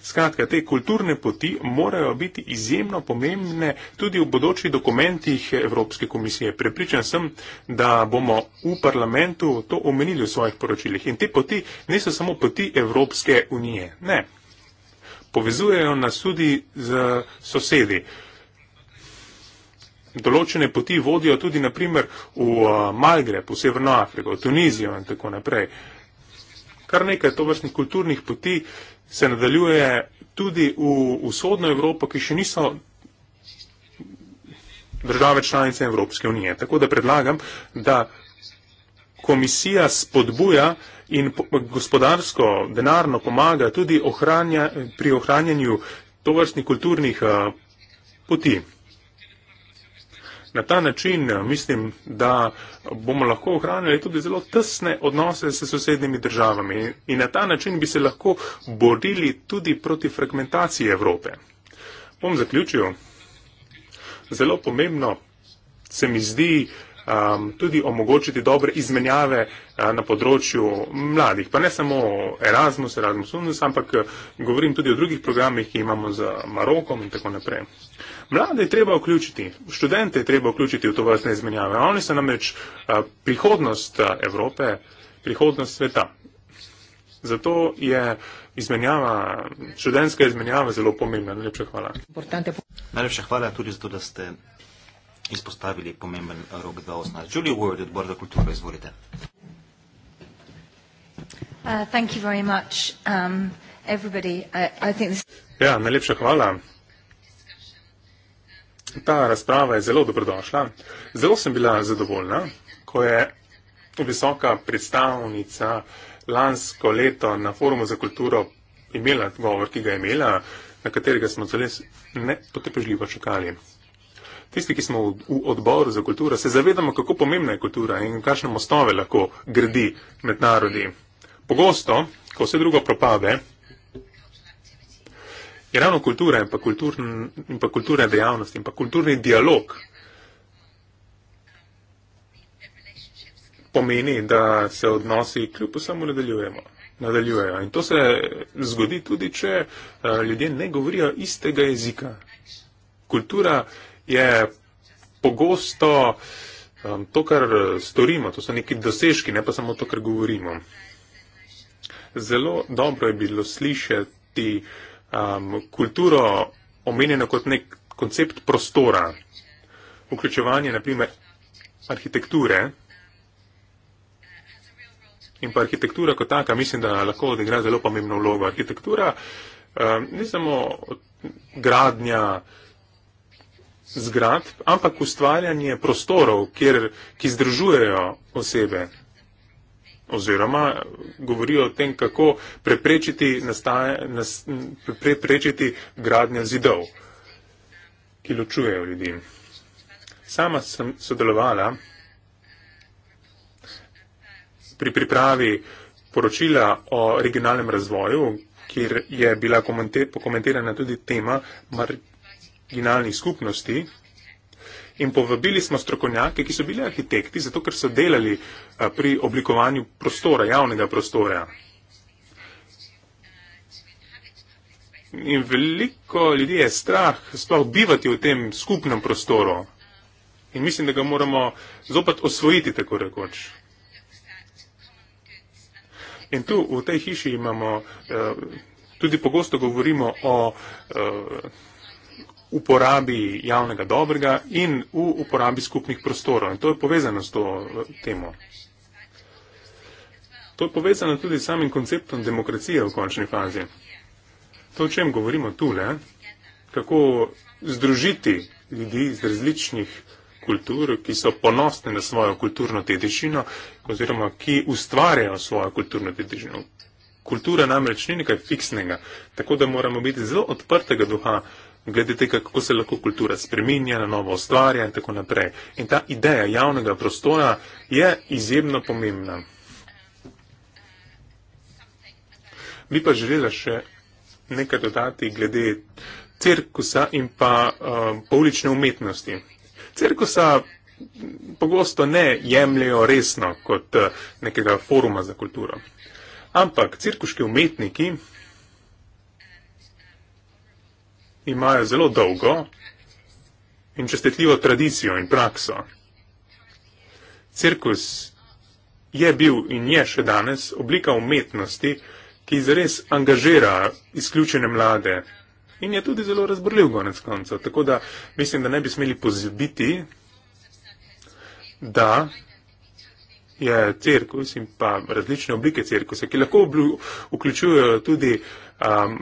Skratka, te kulturne poti morajo biti izjemno pomembne tudi v bodočih dokumentih Evropske komisije. Prepričan sem, da bomo v parlamentu to omenili v svojih poročilih. In te poti niso samo poti Evropske unije. Ne. Povezujejo nas tudi z sosedi. Uh, določene poti vodijo tudi naprimer v Malgreb, v Severno Afriko, v Tunizijo in tako naprej. Kar nekaj tovrstnih kulturnih poti se nadaljuje tudi v vzhodno Evropo, ki še niso države članice Evropske unije. Tako da predlagam, da komisija spodbuja in gospodarsko, denarno pomaga tudi ohranja, pri ohranjanju tovrstnih kulturnih poti. Na ta način eh, mislim, da bomo lahko ohranili tudi zelo tesne odnose s sosednjimi državami in na ta način bi se lahko borili tudi proti fragmentaciji Evrope. Bom zaključil. Zelo pomembno se mi zdi, um, tudi omogočiti dobre izmenjave uh, na področju mladih. Pa ne samo Erasmus, Erasmus Unus, ampak uh, govorim tudi o drugih programih, ki imamo z Marokom in tako naprej. Mlade je treba vključiti, študente je treba vključiti v to vrstne izmenjave. Oni so namreč uh, prihodnost uh, Evrope, prihodnost sveta. Zato je izmenjava, študentska izmenjava zelo pomembna. Najlepša hvala. Najlepša hvala tudi zato, da ste izpostavili pomemben rok 2018. Julie Ward, odbor za kulturo, izvolite. Uh, thank you very much, um, everybody. I, I think this... Ja, najlepša hvala. Ta razprava je zelo dobrodošla. Zelo sem bila zadovoljna, ko je visoka predstavnica lansko leto na forumu za kulturo imela govor, ki ga je imela, na katerega smo zelo potrpežljivo čakali tisti, ki smo v odboru za kulturo, se zavedamo, kako pomembna je kultura in kakšne mostove lahko gradi med narodi. Pogosto, ko vse drugo propade, je ravno kultura in pa, kulturn, in pa kulturne dejavnosti in pa kulturni dialog pomeni, da se odnosi kljub vsemu nadaljujemo. Nadaljujejo. In to se zgodi tudi, če uh, ljudje ne govorijo istega jezika. Kultura uh, je pogosto um, to, kar storimo, to so neki dosežki, ne pa samo to, kar govorimo. Zelo dobro je bilo slišati um, kulturo omenjeno kot nek koncept prostora, vključevanje naprimer arhitekture. In pa arhitektura kot taka, mislim, da lahko odigra zelo pomembno vlogo. Arhitektura um, ni samo gradnja, uh, zgrad, ampak ustvarjanje prostorov, kjer, ki združujejo osebe oziroma govorijo o tem, kako preprečiti, nastaje, nas, preprečiti gradnja zidov, ki ločujejo ljudi. Sama sem sodelovala pri pripravi poročila o regionalnem razvoju, kjer je bila pokomentirana tudi tema originalnih skupnosti in povabili smo strokovnjake, ki so bili arhitekti, zato ker so delali eh, pri oblikovanju prostora, javnega prostora. In veliko ljudi je strah sploh bivati v tem skupnem prostoru. In mislim, da ga moramo zopet osvojiti, tako rekoč. In tu v tej hiši imamo, eh, tudi pogosto govorimo o eh, uporabi javnega dobrega in v uporabi skupnih prostorov. In to je povezano s to eh, temo. To je povezano tudi s samim konceptom demokracije v končni fazi. To, o čem govorimo tule, kako združiti ljudi iz različnih kultur, ki so ponosni na svojo kulturno dedičino oziroma ki ustvarjajo svojo kulturno dedičino. Kultura namreč ni nekaj fiksnega, tako da moramo biti zelo odprtega duha, glede tega, kako se lahko kultura spreminja, na novo ustvarja in tako naprej. In ta ideja javnega prostora je izjemno pomembna. Bi pa želela še nekaj dodati glede cirkusa in pa uh, poulične umetnosti. Cirkusa pogosto ne jemljajo resno kot eh, nekega foruma za kulturo. Ampak cirkuški umetniki imajo zelo dolgo in čestitljivo tradicijo in prakso. Cirkus je bil in je še danes oblika umetnosti, ki zares angažira izključene mlade in je tudi zelo razborljiv konec konca. Tako da mislim, da ne bi smeli pozabiti, da je cirkus in pa različne oblike cirkusa, ki lahko vključujejo tudi um,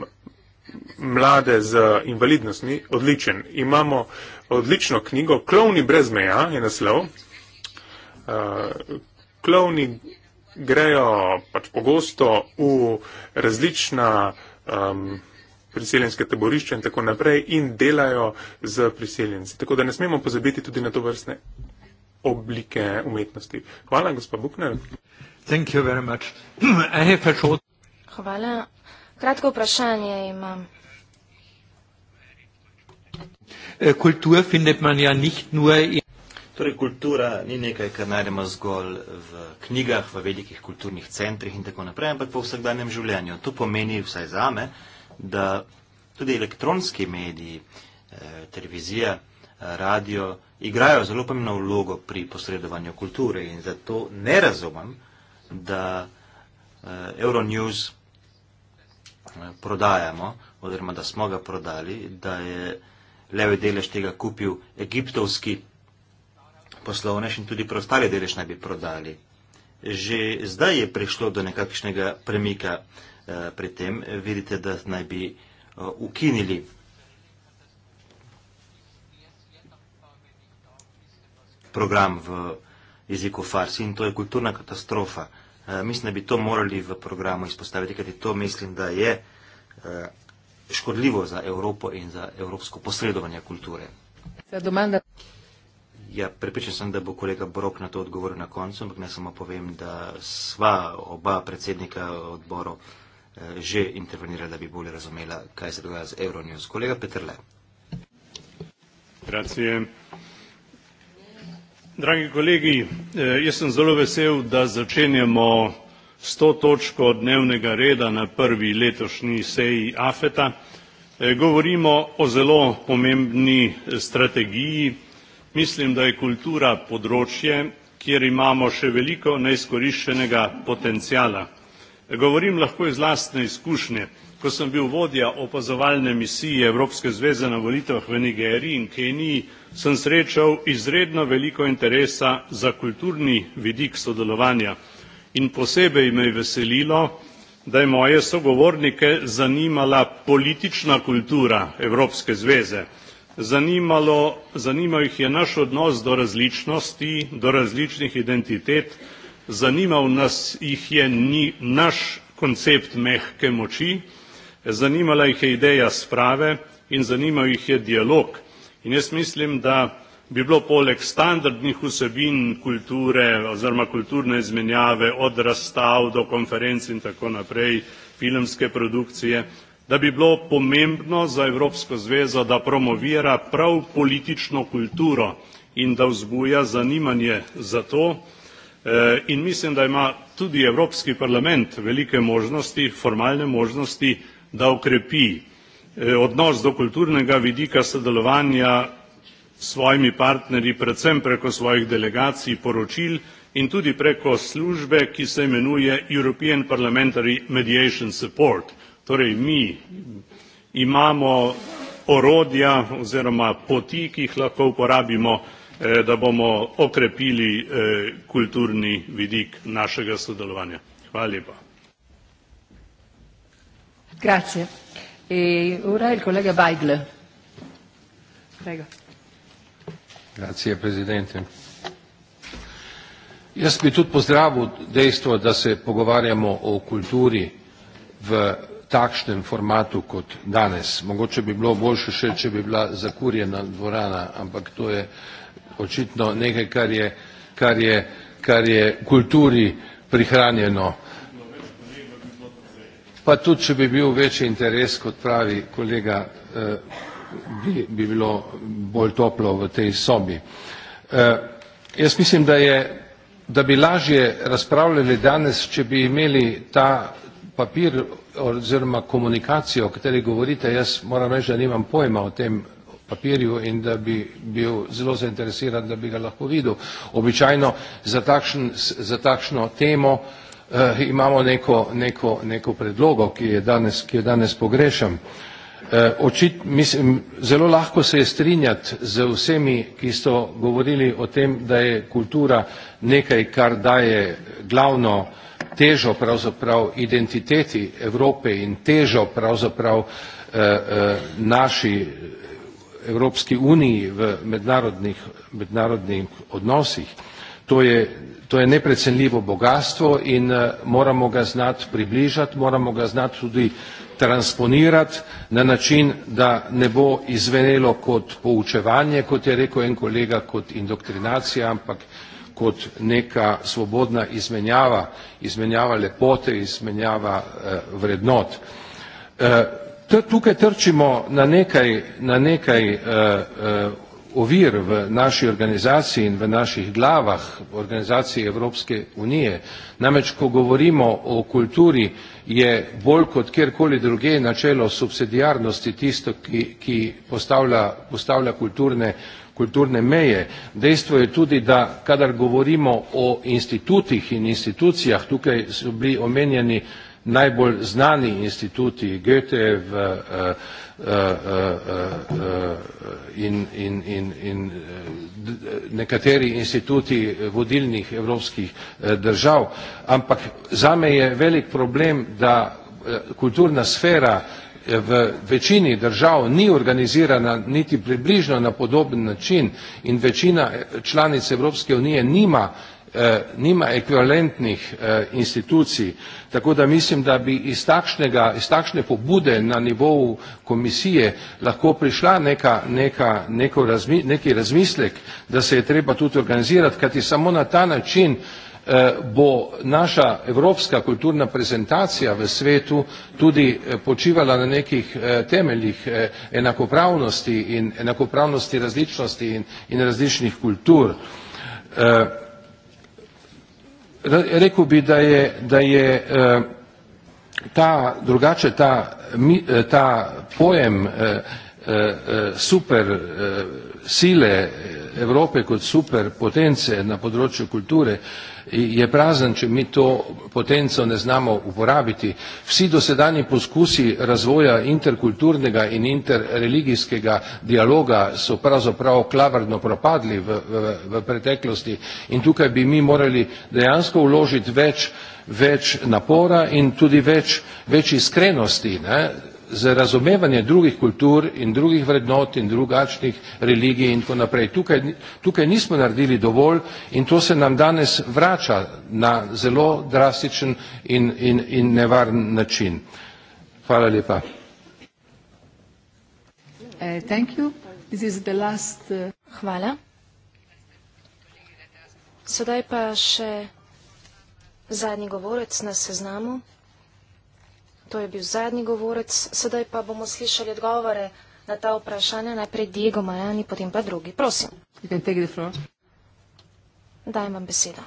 mlade z invalidnostmi, odličen. Imamo odlično knjigo, Klovni brez meja je naslov. Uh, klovni grejo pač pogosto v različna um, priseljenske taborišča in tako naprej in delajo z priseljenci. Tako da ne smemo pozabiti tudi na to vrstne oblike umetnosti. Hvala, gospod Bukner. Hvala. Kratko vprašanje imam. Eh, Kultur findet man ja nicht nur in... Torej, kultura ni nekaj, kar najdemo zgolj v knjigah, v velikih kulturnih centrih in tako naprej, ampak v vsakdanjem življenju. To pomeni vsaj zame, da tudi elektronski mediji, eh, televizija, radio igrajo zelo pomembno vlogo pri posredovanju kulture in zato ne razumem, da eh, Euronews prodajamo, oziroma da smo ga prodali, da je levi delež tega kupil egiptovski poslovnež in tudi preostali delež naj bi prodali. Že zdaj je prišlo do nekakšnega premika eh, pri tem. Vidite, da naj bi eh, ukinili. program v jeziku Farsi in to je kulturna katastrofa mislim, da bi to morali v programu izpostaviti, kajti to mislim, da je škodljivo za Evropo in za evropsko posredovanje kulture. Ja, pripričan sem, da bo kolega Brok na to odgovoril na koncu, ampak ne samo povem, da sva oba predsednika odboru e, že intervenirala, da bi bolje razumela, kaj se dogaja z Euronews. Kolega Petrle. Grazie. Dragi kolegi, eh, jaz sem zelo vesel, da začenjamo s to točko dnevnega reda na prvi letošnji seji AFETA. Eh, govorimo o zelo pomembni eh, strategiji. Mislim, da je kultura področje, kjer imamo še veliko neizkoriščenega potencijala. Govorim lahko iz lastne izkušnje ko sem bil vodja opazovalne misije Evropske zveze na volitvah v Nigeriji in Keniji, sem srečal izredno veliko interesa za kulturni vidik sodelovanja in posebej me je veselilo, da je moje sogovornike zanimala politična kultura Evropske zveze. Zanimalo, zanimal jih je naš odnos do različnosti, do različnih identitet, zanimal nas jih je ni naš koncept mehke moči, zanimala jih je ideja sprave in zanimal jih je dialog. In jaz mislim, da bi bilo poleg standardnih vsebin kulture oziroma kulturne izmenjave od razstav do konferenc in tako naprej, filmske produkcije, da bi bilo pomembno za Evropsko zvezo, da promovira prav politično kulturo in da vzbuja zanimanje za to. Eh, in mislim, da ima tudi Evropski parlament velike možnosti, formalne možnosti, da okrepi eh, odnos do kulturnega vidika sodelovanja s svojimi partnerji, predvsem preko svojih delegacij, poročil in tudi preko službe, ki se imenuje European Parliamentary Mediation Support. Torej, mi imamo orodja oziroma poti, ki jih lahko uporabimo, eh, da bomo okrepili eh, kulturni vidik našega sodelovanja. Hvala lepa. Grazie. E ora il collega Weigler. Prego. Grazie Presidente. Jaz bi tudi pozdravil dejstvo, da se pogovarjamo o kulturi v takšnem formatu kot danes. Mogoče bi bilo boljše še, če bi bila zakurjena dvorana, ampak to je očitno nekaj, kar je, kar je, kar je kulturi prihranjeno pa tudi če bi bil večji interes, kot pravi kolega, eh, bi, bi bilo bolj toplo v tej sobi. Eh, jaz mislim, da, je, da bi lažje razpravljali danes, če bi imeli ta papir oziroma komunikacijo, o kateri govorite, jaz moram reči, da nimam pojma o tem papirju in da bi bil zelo zainteresiran, da bi ga lahko videl. Običajno za, takšen, za takšno temo uh, uh, imamo neko, neko, neko predlogo, ki je danes, ki je danes pogrešam. Uh, očit, mislim, zelo lahko se je strinjati z vsemi, ki so govorili o tem, da je kultura nekaj, kar daje glavno težo pravzaprav identiteti Evrope in težo pravzaprav eh, eh, naši Evropski uniji v mednarodnih, mednarodnih odnosih. To je to je neprecenljivo bogatstvo in eh, moramo ga znati približati, moramo ga znati tudi transponirati na način, da ne bo izvenelo kot poučevanje, kot je rekel en kolega, kot indoktrinacija, ampak kot neka svobodna izmenjava, izmenjava lepote, izmenjava eh, vrednot. Eh, tukaj trčimo na nekaj, na nekaj eh, eh, ovir v naši organizaciji in v naših glavah, v organizaciji Evropske unije. Namreč, ko govorimo o kulturi, je bolj kot kjerkoli druge načelo subsidijarnosti tisto, ki, ki postavlja, postavlja kulturne, kulturne meje. Dejstvo je tudi, da kadar govorimo o institutih in institucijah, tukaj so bili omenjeni najbolj znani instituti Goethejev eh, eh, eh, in, in, in, in nekateri instituti vodilnih evropskih držav, ampak zame je velik problem, da kulturna sfera v večini držav ni organizirana niti približno na podoben način in večina članic Evropske unije nima uh, Eh, nima ekvivalentnih eh, institucij. Tako da mislim, da bi iz, takšnega, iz takšne pobude na nivou komisije lahko prišla neka, neka, neko razmi, neki razmislek, da se je treba tudi organizirati, kajti samo na ta način eh, bo naša evropska kulturna prezentacija v svetu tudi počivala na nekih temeljih enakopravnosti in enakopravnosti različnosti in, in različnih kultur rekel bi, da je, da je eh, ta, drugače ta, eh, ta pojem eh, super sile Evrope kot superpotence na področju kulture je prazen, če mi to potenco ne znamo uporabiti. Vsi dosedani poskusi razvoja interkulturnega in interreligijskega dialoga so pravzaprav klavrno propadli v, v, v preteklosti in tukaj bi mi morali dejansko vložiti več, več napora in tudi več, več iskrenosti. Ne? za razumevanje drugih kultur in drugih vrednot in drugačnih religij in tako naprej. Tukaj, tukaj nismo naredili dovolj in to se nam danes vrača na zelo drastičen in, in, in nevaren način. Hvala lepa. Uh, last, uh... Hvala. Sedaj pa še zadnji govorec na seznamu to je bil zadnji govorec. Sedaj pa bomo slišali odgovore na ta vprašanja, najprej Diego Majani, potem pa drugi. Prosim. Daj vam besedo.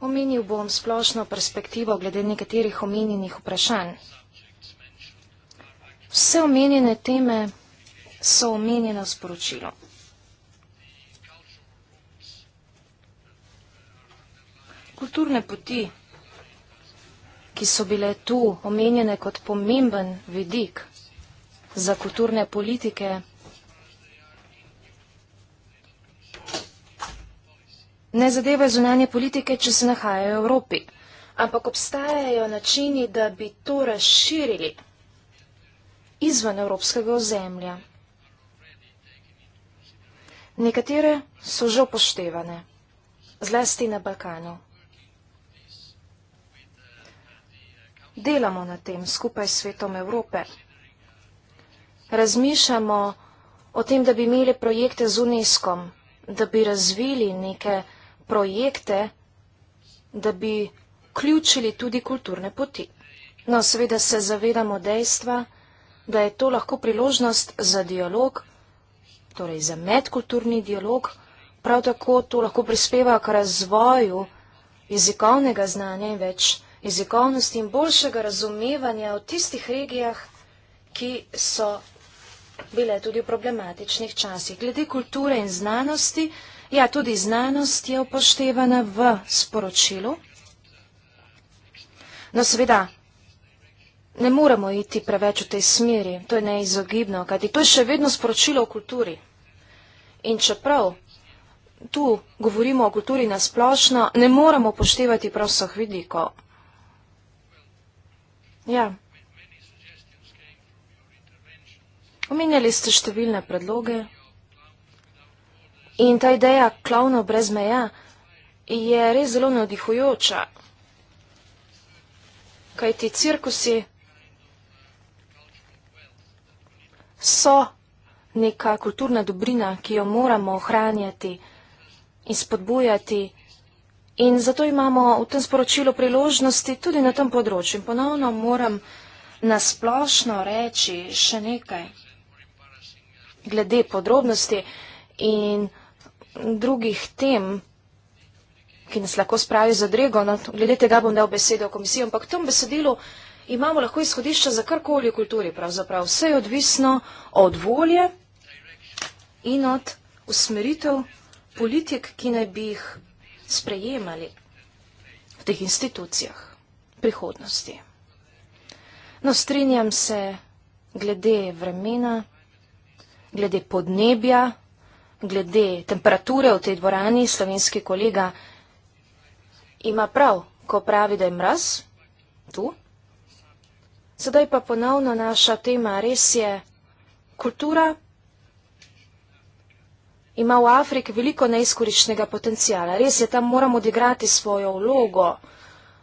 Omenil bom splošno perspektivo glede nekaterih omenjenih vprašanj. Vse omenjene teme so omenjene v sporočilu. kulturne poti, ki so bile tu omenjene kot pomemben vidik za kulturne politike, ne zadevajo zunanje politike, če se nahajajo v Evropi, ampak obstajajo načini, da bi to razširili izven evropskega ozemlja. Nekatere so že upoštevane, zlasti na Balkanu. delamo na tem skupaj s svetom Evrope. Razmišljamo o tem, da bi imeli projekte z UNESCO, da bi razvili neke projekte, da bi vključili tudi kulturne poti. No, seveda se zavedamo dejstva, da je to lahko priložnost za dialog, torej za medkulturni dialog, prav tako to lahko prispeva k razvoju jezikovnega znanja in več jezikovnosti in boljšega razumevanja v tistih regijah, ki so bile tudi v problematičnih časih. Glede kulture in znanosti, ja, tudi znanost je upoštevana v sporočilu. No, seveda, ne moremo iti preveč v tej smeri, to je neizogibno, kajti to je še vedno sporočilo o kulturi. In čeprav tu govorimo o kulturi nasplošno, ne moremo upoštevati prav vseh vidikov. Ja. Omenjali ste številne predloge in ta ideja klovnov brez meja je res zelo navdihujoča, kaj ti cirkusi so neka kulturna dobrina, ki jo moramo ohranjati in spodbujati. In zato imamo v tem sporočilu priložnosti tudi na tem področju. In ponovno moram nasplošno reči še nekaj glede podrobnosti in drugih tem, ki nas lahko spravi za drego. No, glede tega bom dal besedo komisijo, ampak v tem besedilu imamo lahko izhodišča za karkoli v kulturi. Pravzaprav vse je odvisno od volje in od usmeritev politik, ki naj bi jih sprejemali v teh institucijah prihodnosti. No, strinjam se glede vremena, glede podnebja, glede temperature v tej dvorani, slovenski kolega ima prav, ko pravi, da je mraz tu. Sedaj pa ponovno naša tema res je kultura ima v Afriki veliko neizkoriščnega potencijala. Res je, tam moramo odigrati svojo vlogo.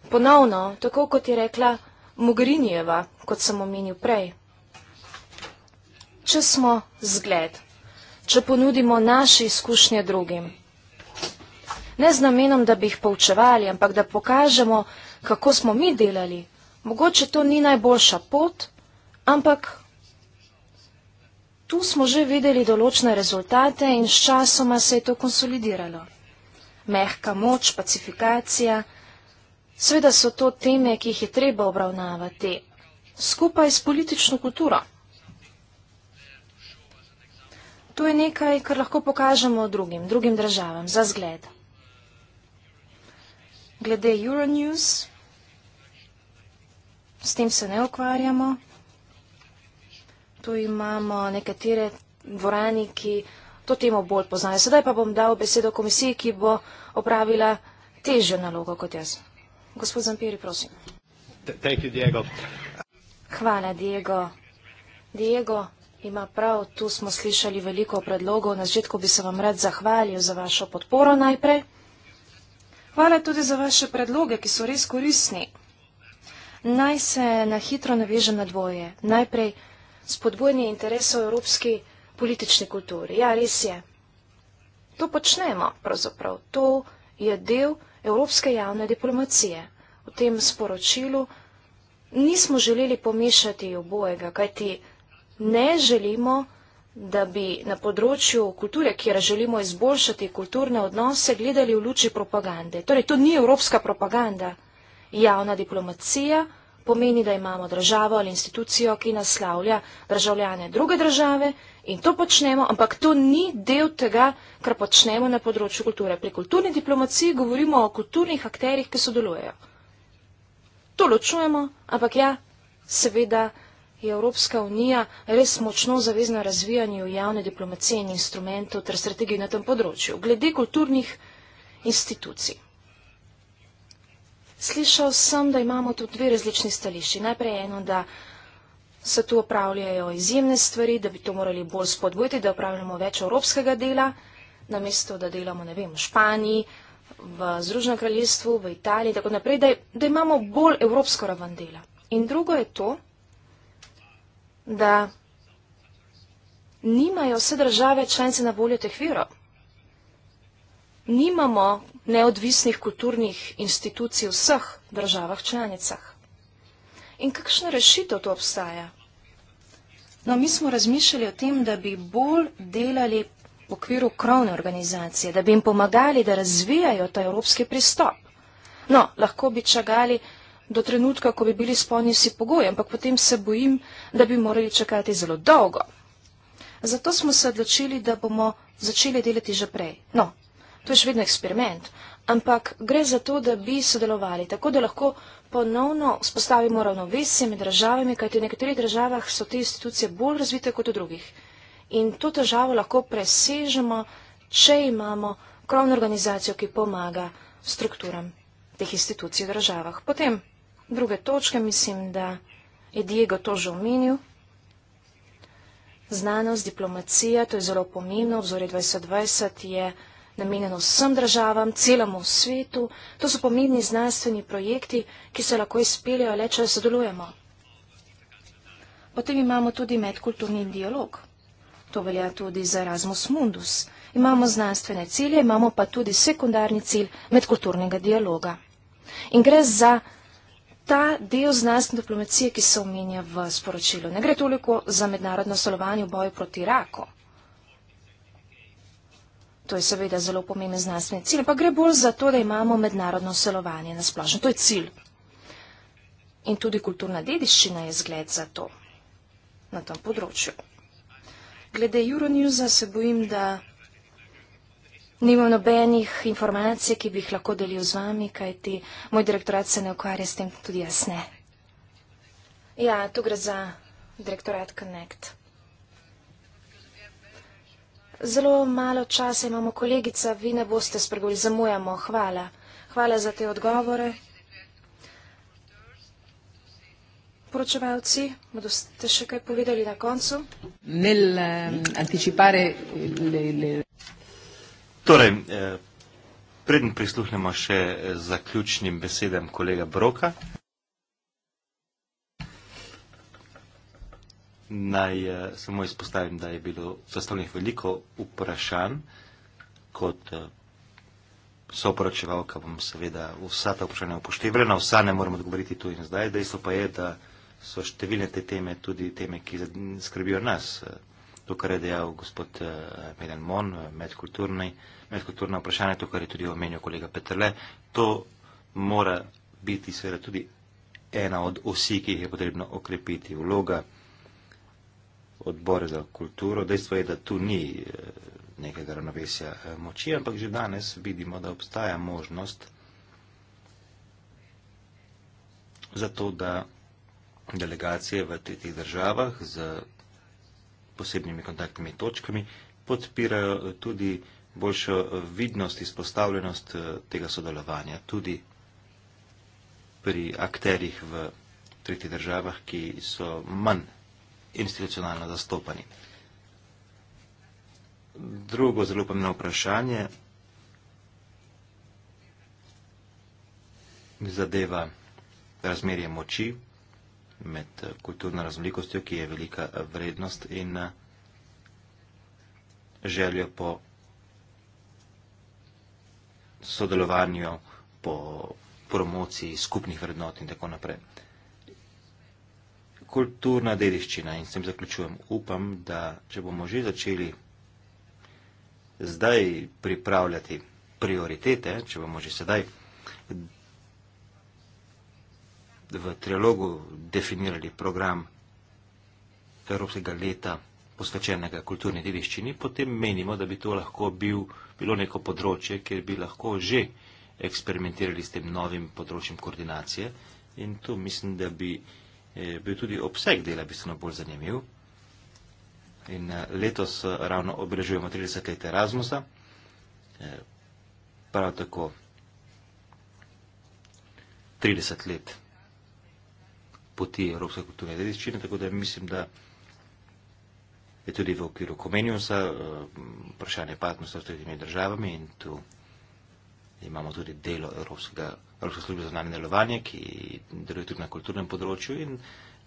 Ponovno, tako kot je rekla Mogrinjeva, kot sem omenil prej. Če smo zgled, če ponudimo naše izkušnje drugim, ne z namenom, da bi jih poučevali, ampak da pokažemo, kako smo mi delali, mogoče to ni najboljša pot, ampak Tu smo že videli določene rezultate in sčasoma se je to konsolidiralo. Mehka moč, pacifikacija, sveda so to teme, ki jih je treba obravnavati, skupaj s politično kulturo. To je nekaj, kar lahko pokažemo drugim, drugim državam, za zgled. Glede Euronews, s tem se ne ukvarjamo tu imamo nekatere dvorani, ki to temo bolj poznajo. Sedaj pa bom dal besedo komisiji, ki bo opravila težjo nalogo kot jaz. Gospod Zampiri, prosim. You, Diego. Hvala, Diego. Diego ima prav, tu smo slišali veliko predlogov. Na začetku bi se vam rad zahvalil za vašo podporo najprej. Hvala tudi za vaše predloge, ki so res koristni. Naj se na hitro navežem na dvoje. Najprej spodbujanje interesov evropski politični kulturi. Ja, res je. To počnemo pravzaprav. To je del evropske javne diplomacije. V tem sporočilu nismo želeli pomešati obojega, kajti ne želimo, da bi na področju kulture, kjer želimo izboljšati kulturne odnose, gledali v luči propagande. Torej, to ni evropska propaganda. Javna diplomacija pomeni, da imamo državo ali institucijo, ki naslavlja državljane druge države in to počnemo, ampak to ni del tega, kar počnemo na področju kulture. Pri kulturni diplomaciji govorimo o kulturnih akterjih, ki sodelujejo. To ločujemo, ampak ja, seveda je Evropska unija res močno zavezna razvijanju javne diplomacije in instrumentov ter strategij na tem področju, glede kulturnih institucij. Slišal sem, da imamo tu dve različni stališči. Najprej eno, da se tu opravljajo izjemne stvari, da bi to morali bolj spodbujiti, da opravljamo več evropskega dela, namesto da delamo, ne vem, v Španiji, v Združenem kraljestvu, v Italiji, tako naprej, da, da imamo bolj evropsko raven dela. In drugo je to, da nimajo vse države članice na voljo teh virov. Nimamo neodvisnih kulturnih institucij v vseh državah članicah. In kakšna rešitev to obstaja? No, mi smo razmišljali o tem, da bi bolj delali v okviru krovne organizacije, da bi jim pomagali, da razvijajo ta evropski pristop. No, lahko bi čakali do trenutka, ko bi bili spolni vsi pogoji, ampak potem se bojim, da bi morali čakati zelo dolgo. Zato smo se odločili, da bomo začeli delati že prej. No, To je še vedno eksperiment, ampak gre za to, da bi sodelovali, tako da lahko ponovno spostavimo ravnovesje med državami, kajti v nekaterih državah so te institucije bolj razvite kot v drugih. In to težavo lahko presežemo, če imamo krovno organizacijo, ki pomaga strukturam teh institucij v državah. Potem druge točke, mislim, da je Diego to že omenil. Znanost, diplomacija, to je zelo pomembno, obzorje 2020 je namenjeno vsem državam, celemu svetu. To so pomembni znanstveni projekti, ki se lahko izpeljajo le, če sodelujemo. Potem imamo tudi medkulturni dialog. To velja tudi za Erasmus Mundus. Imamo znanstvene cilje, imamo pa tudi sekundarni cilj medkulturnega dialoga. In gre za ta del znanstvene diplomacije, ki se omenja v sporočilu. Ne gre toliko za mednarodno solovanje v boju proti raku. To je seveda zelo pomemben znanstveni cilj, pa gre bolj za to, da imamo mednarodno selovanje na splošno. To je cilj. In tudi kulturna dediščina je zgled za to na tem področju. Glede Euronewsa se bojim, da nimam nobenih informacij, ki bi jih lahko delil z vami, kajti moj direktorat se ne ukvarja s tem, tudi jaz ne. Ja, tu gre za direktorat Connect. Zelo malo časa imamo, kolegica, vi ne boste spregovorili, zamujamo. Hvala. Hvala za te odgovore. Poročevalci, bodo ste še kaj povedali na koncu? Nel um, anticipare eh, le, le. Torej, eh, predn prisluhnemo še eh, zaključnim besedam kolega Broka. Naj uh, samo izpostavim, da je bilo zastavljenih veliko vprašanj. Kot uh, soporočevalka bom seveda vsa ta vprašanja upoštevala, na vsa ne moremo odgovoriti tu in zdaj. Dejstvo pa je, da so številne te teme tudi teme, ki skrbijo nas. Eh, to, kar je dejal gospod Medan Mon, medkulturno vprašanje, to, kar je tudi omenil kolega Petrle, to mora biti seveda tudi ena od osi, ki jih je potrebno okrepiti vloga odbor za kulturo. Dejstvo je, da tu ni eh, nekega ravnovesja eh, moči, ampak že danes vidimo, da obstaja možnost za to, da delegacije v tretjih državah z posebnimi kontaktnimi točkami podpirajo eh, tudi boljšo vidnost, izpostavljenost tega sodelovanja, tudi pri akterjih v tretjih državah, ki so manj institucionalno zastopani. Drugo zelo pomembno vprašanje zadeva razmerje moči med eh, kulturno raznolikostjo, ki je velika eh, vrednost in eh, željo po sodelovanju, po promociji skupnih vrednot in tako naprej kulturna dediščina in s tem zaključujem. Upam, da če bomo že začeli zdaj pripravljati prioritete, če bomo že sedaj v trilogu definirali program Evropskega leta posvečenega kulturni dediščini, potem menimo, da bi to lahko bil, bilo neko področje, kjer bi lahko že eksperimentirali s tem novim področjem koordinacije. In tu mislim, da bi je bil tudi obseg dela bistveno bolj zanimiv. In eh, letos eh, ravno obrežujemo 30 let Erasmusa, eh, prav tako 30 let poti Evropske kulturne dediščine, tako da mislim, da je tudi v okviru Komeniusa vprašanje partnerstva s tretjimi državami in tu imamo tudi delo Evropskega, Evropske službe za znanje delovanje, ki deluje tudi na kulturnem področju in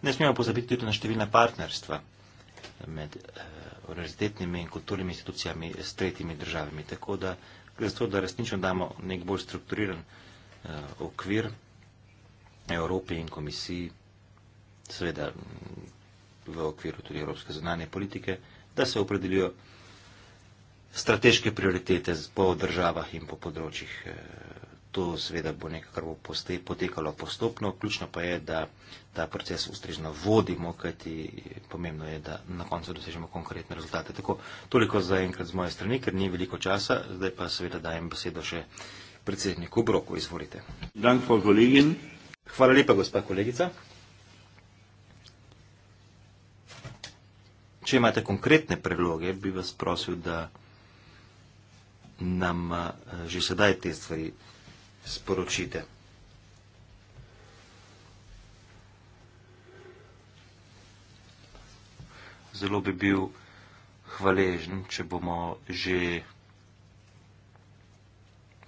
ne smemo pozabiti tudi na številne partnerstva med eh, univerzitetnimi in kulturnimi institucijami s tretjimi državami. Tako da gre za to, da resnično damo nek bolj strukturiran eh, okvir Evropi in komisiji, seveda v okviru tudi Evropske zunanje politike, da se opredelijo eh, strateške prioritete po državah in po področjih. E, to seveda bo nekaj, kar bo potekalo postopno. Ključno pa je, da ta proces ustrežno vodimo, kajti pomembno je, da na koncu dosežemo konkretne rezultate. Tako, toliko za enkrat z moje strani, ker ni veliko časa. Zdaj pa seveda dajem besedo še predsedniku Broku. Izvolite. Hvala lepa, gospa kolegica. Če imate konkretne predloge, bi vas prosil, da nam eh, že sedaj te stvari sporočite. Zelo bi bil hvaležen, če bomo že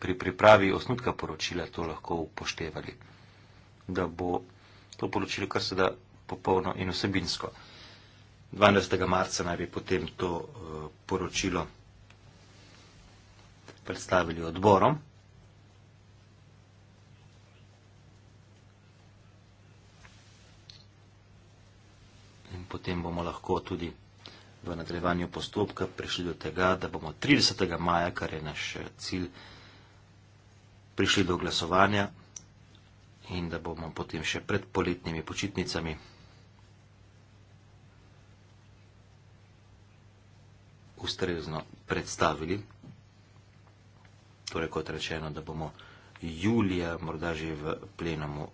pri pripravi osnutka poročila to lahko upoštevali, da bo to poročilo kar se da popolno in vsebinsko. 12. marca naj bi potem to eh, poročilo представили отбором. In potem bomo lahko tudi v nadaljevanju postopka prišli do tega, da bomo 30. maja, kar je naš eh, cilj, prišli do glasovanja in da bomo potem še pred poletnimi počitnicami ustrezno predstavili torej kot rečeno, da bomo julija morda že v plenumu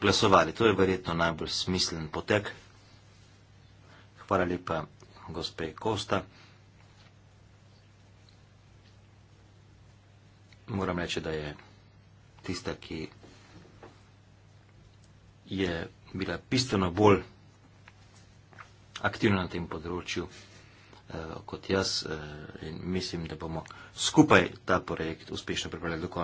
glasovali. To je verjetno najbolj smislen potek. Hvala lepa, gospe Kosta. Moram reči, da je tista, ki je bila bistveno bolj aktivna na tem področju. Eh, kot jaz eh, in mislim, da bomo skupaj ta projekt uspešno pripeljali do konca.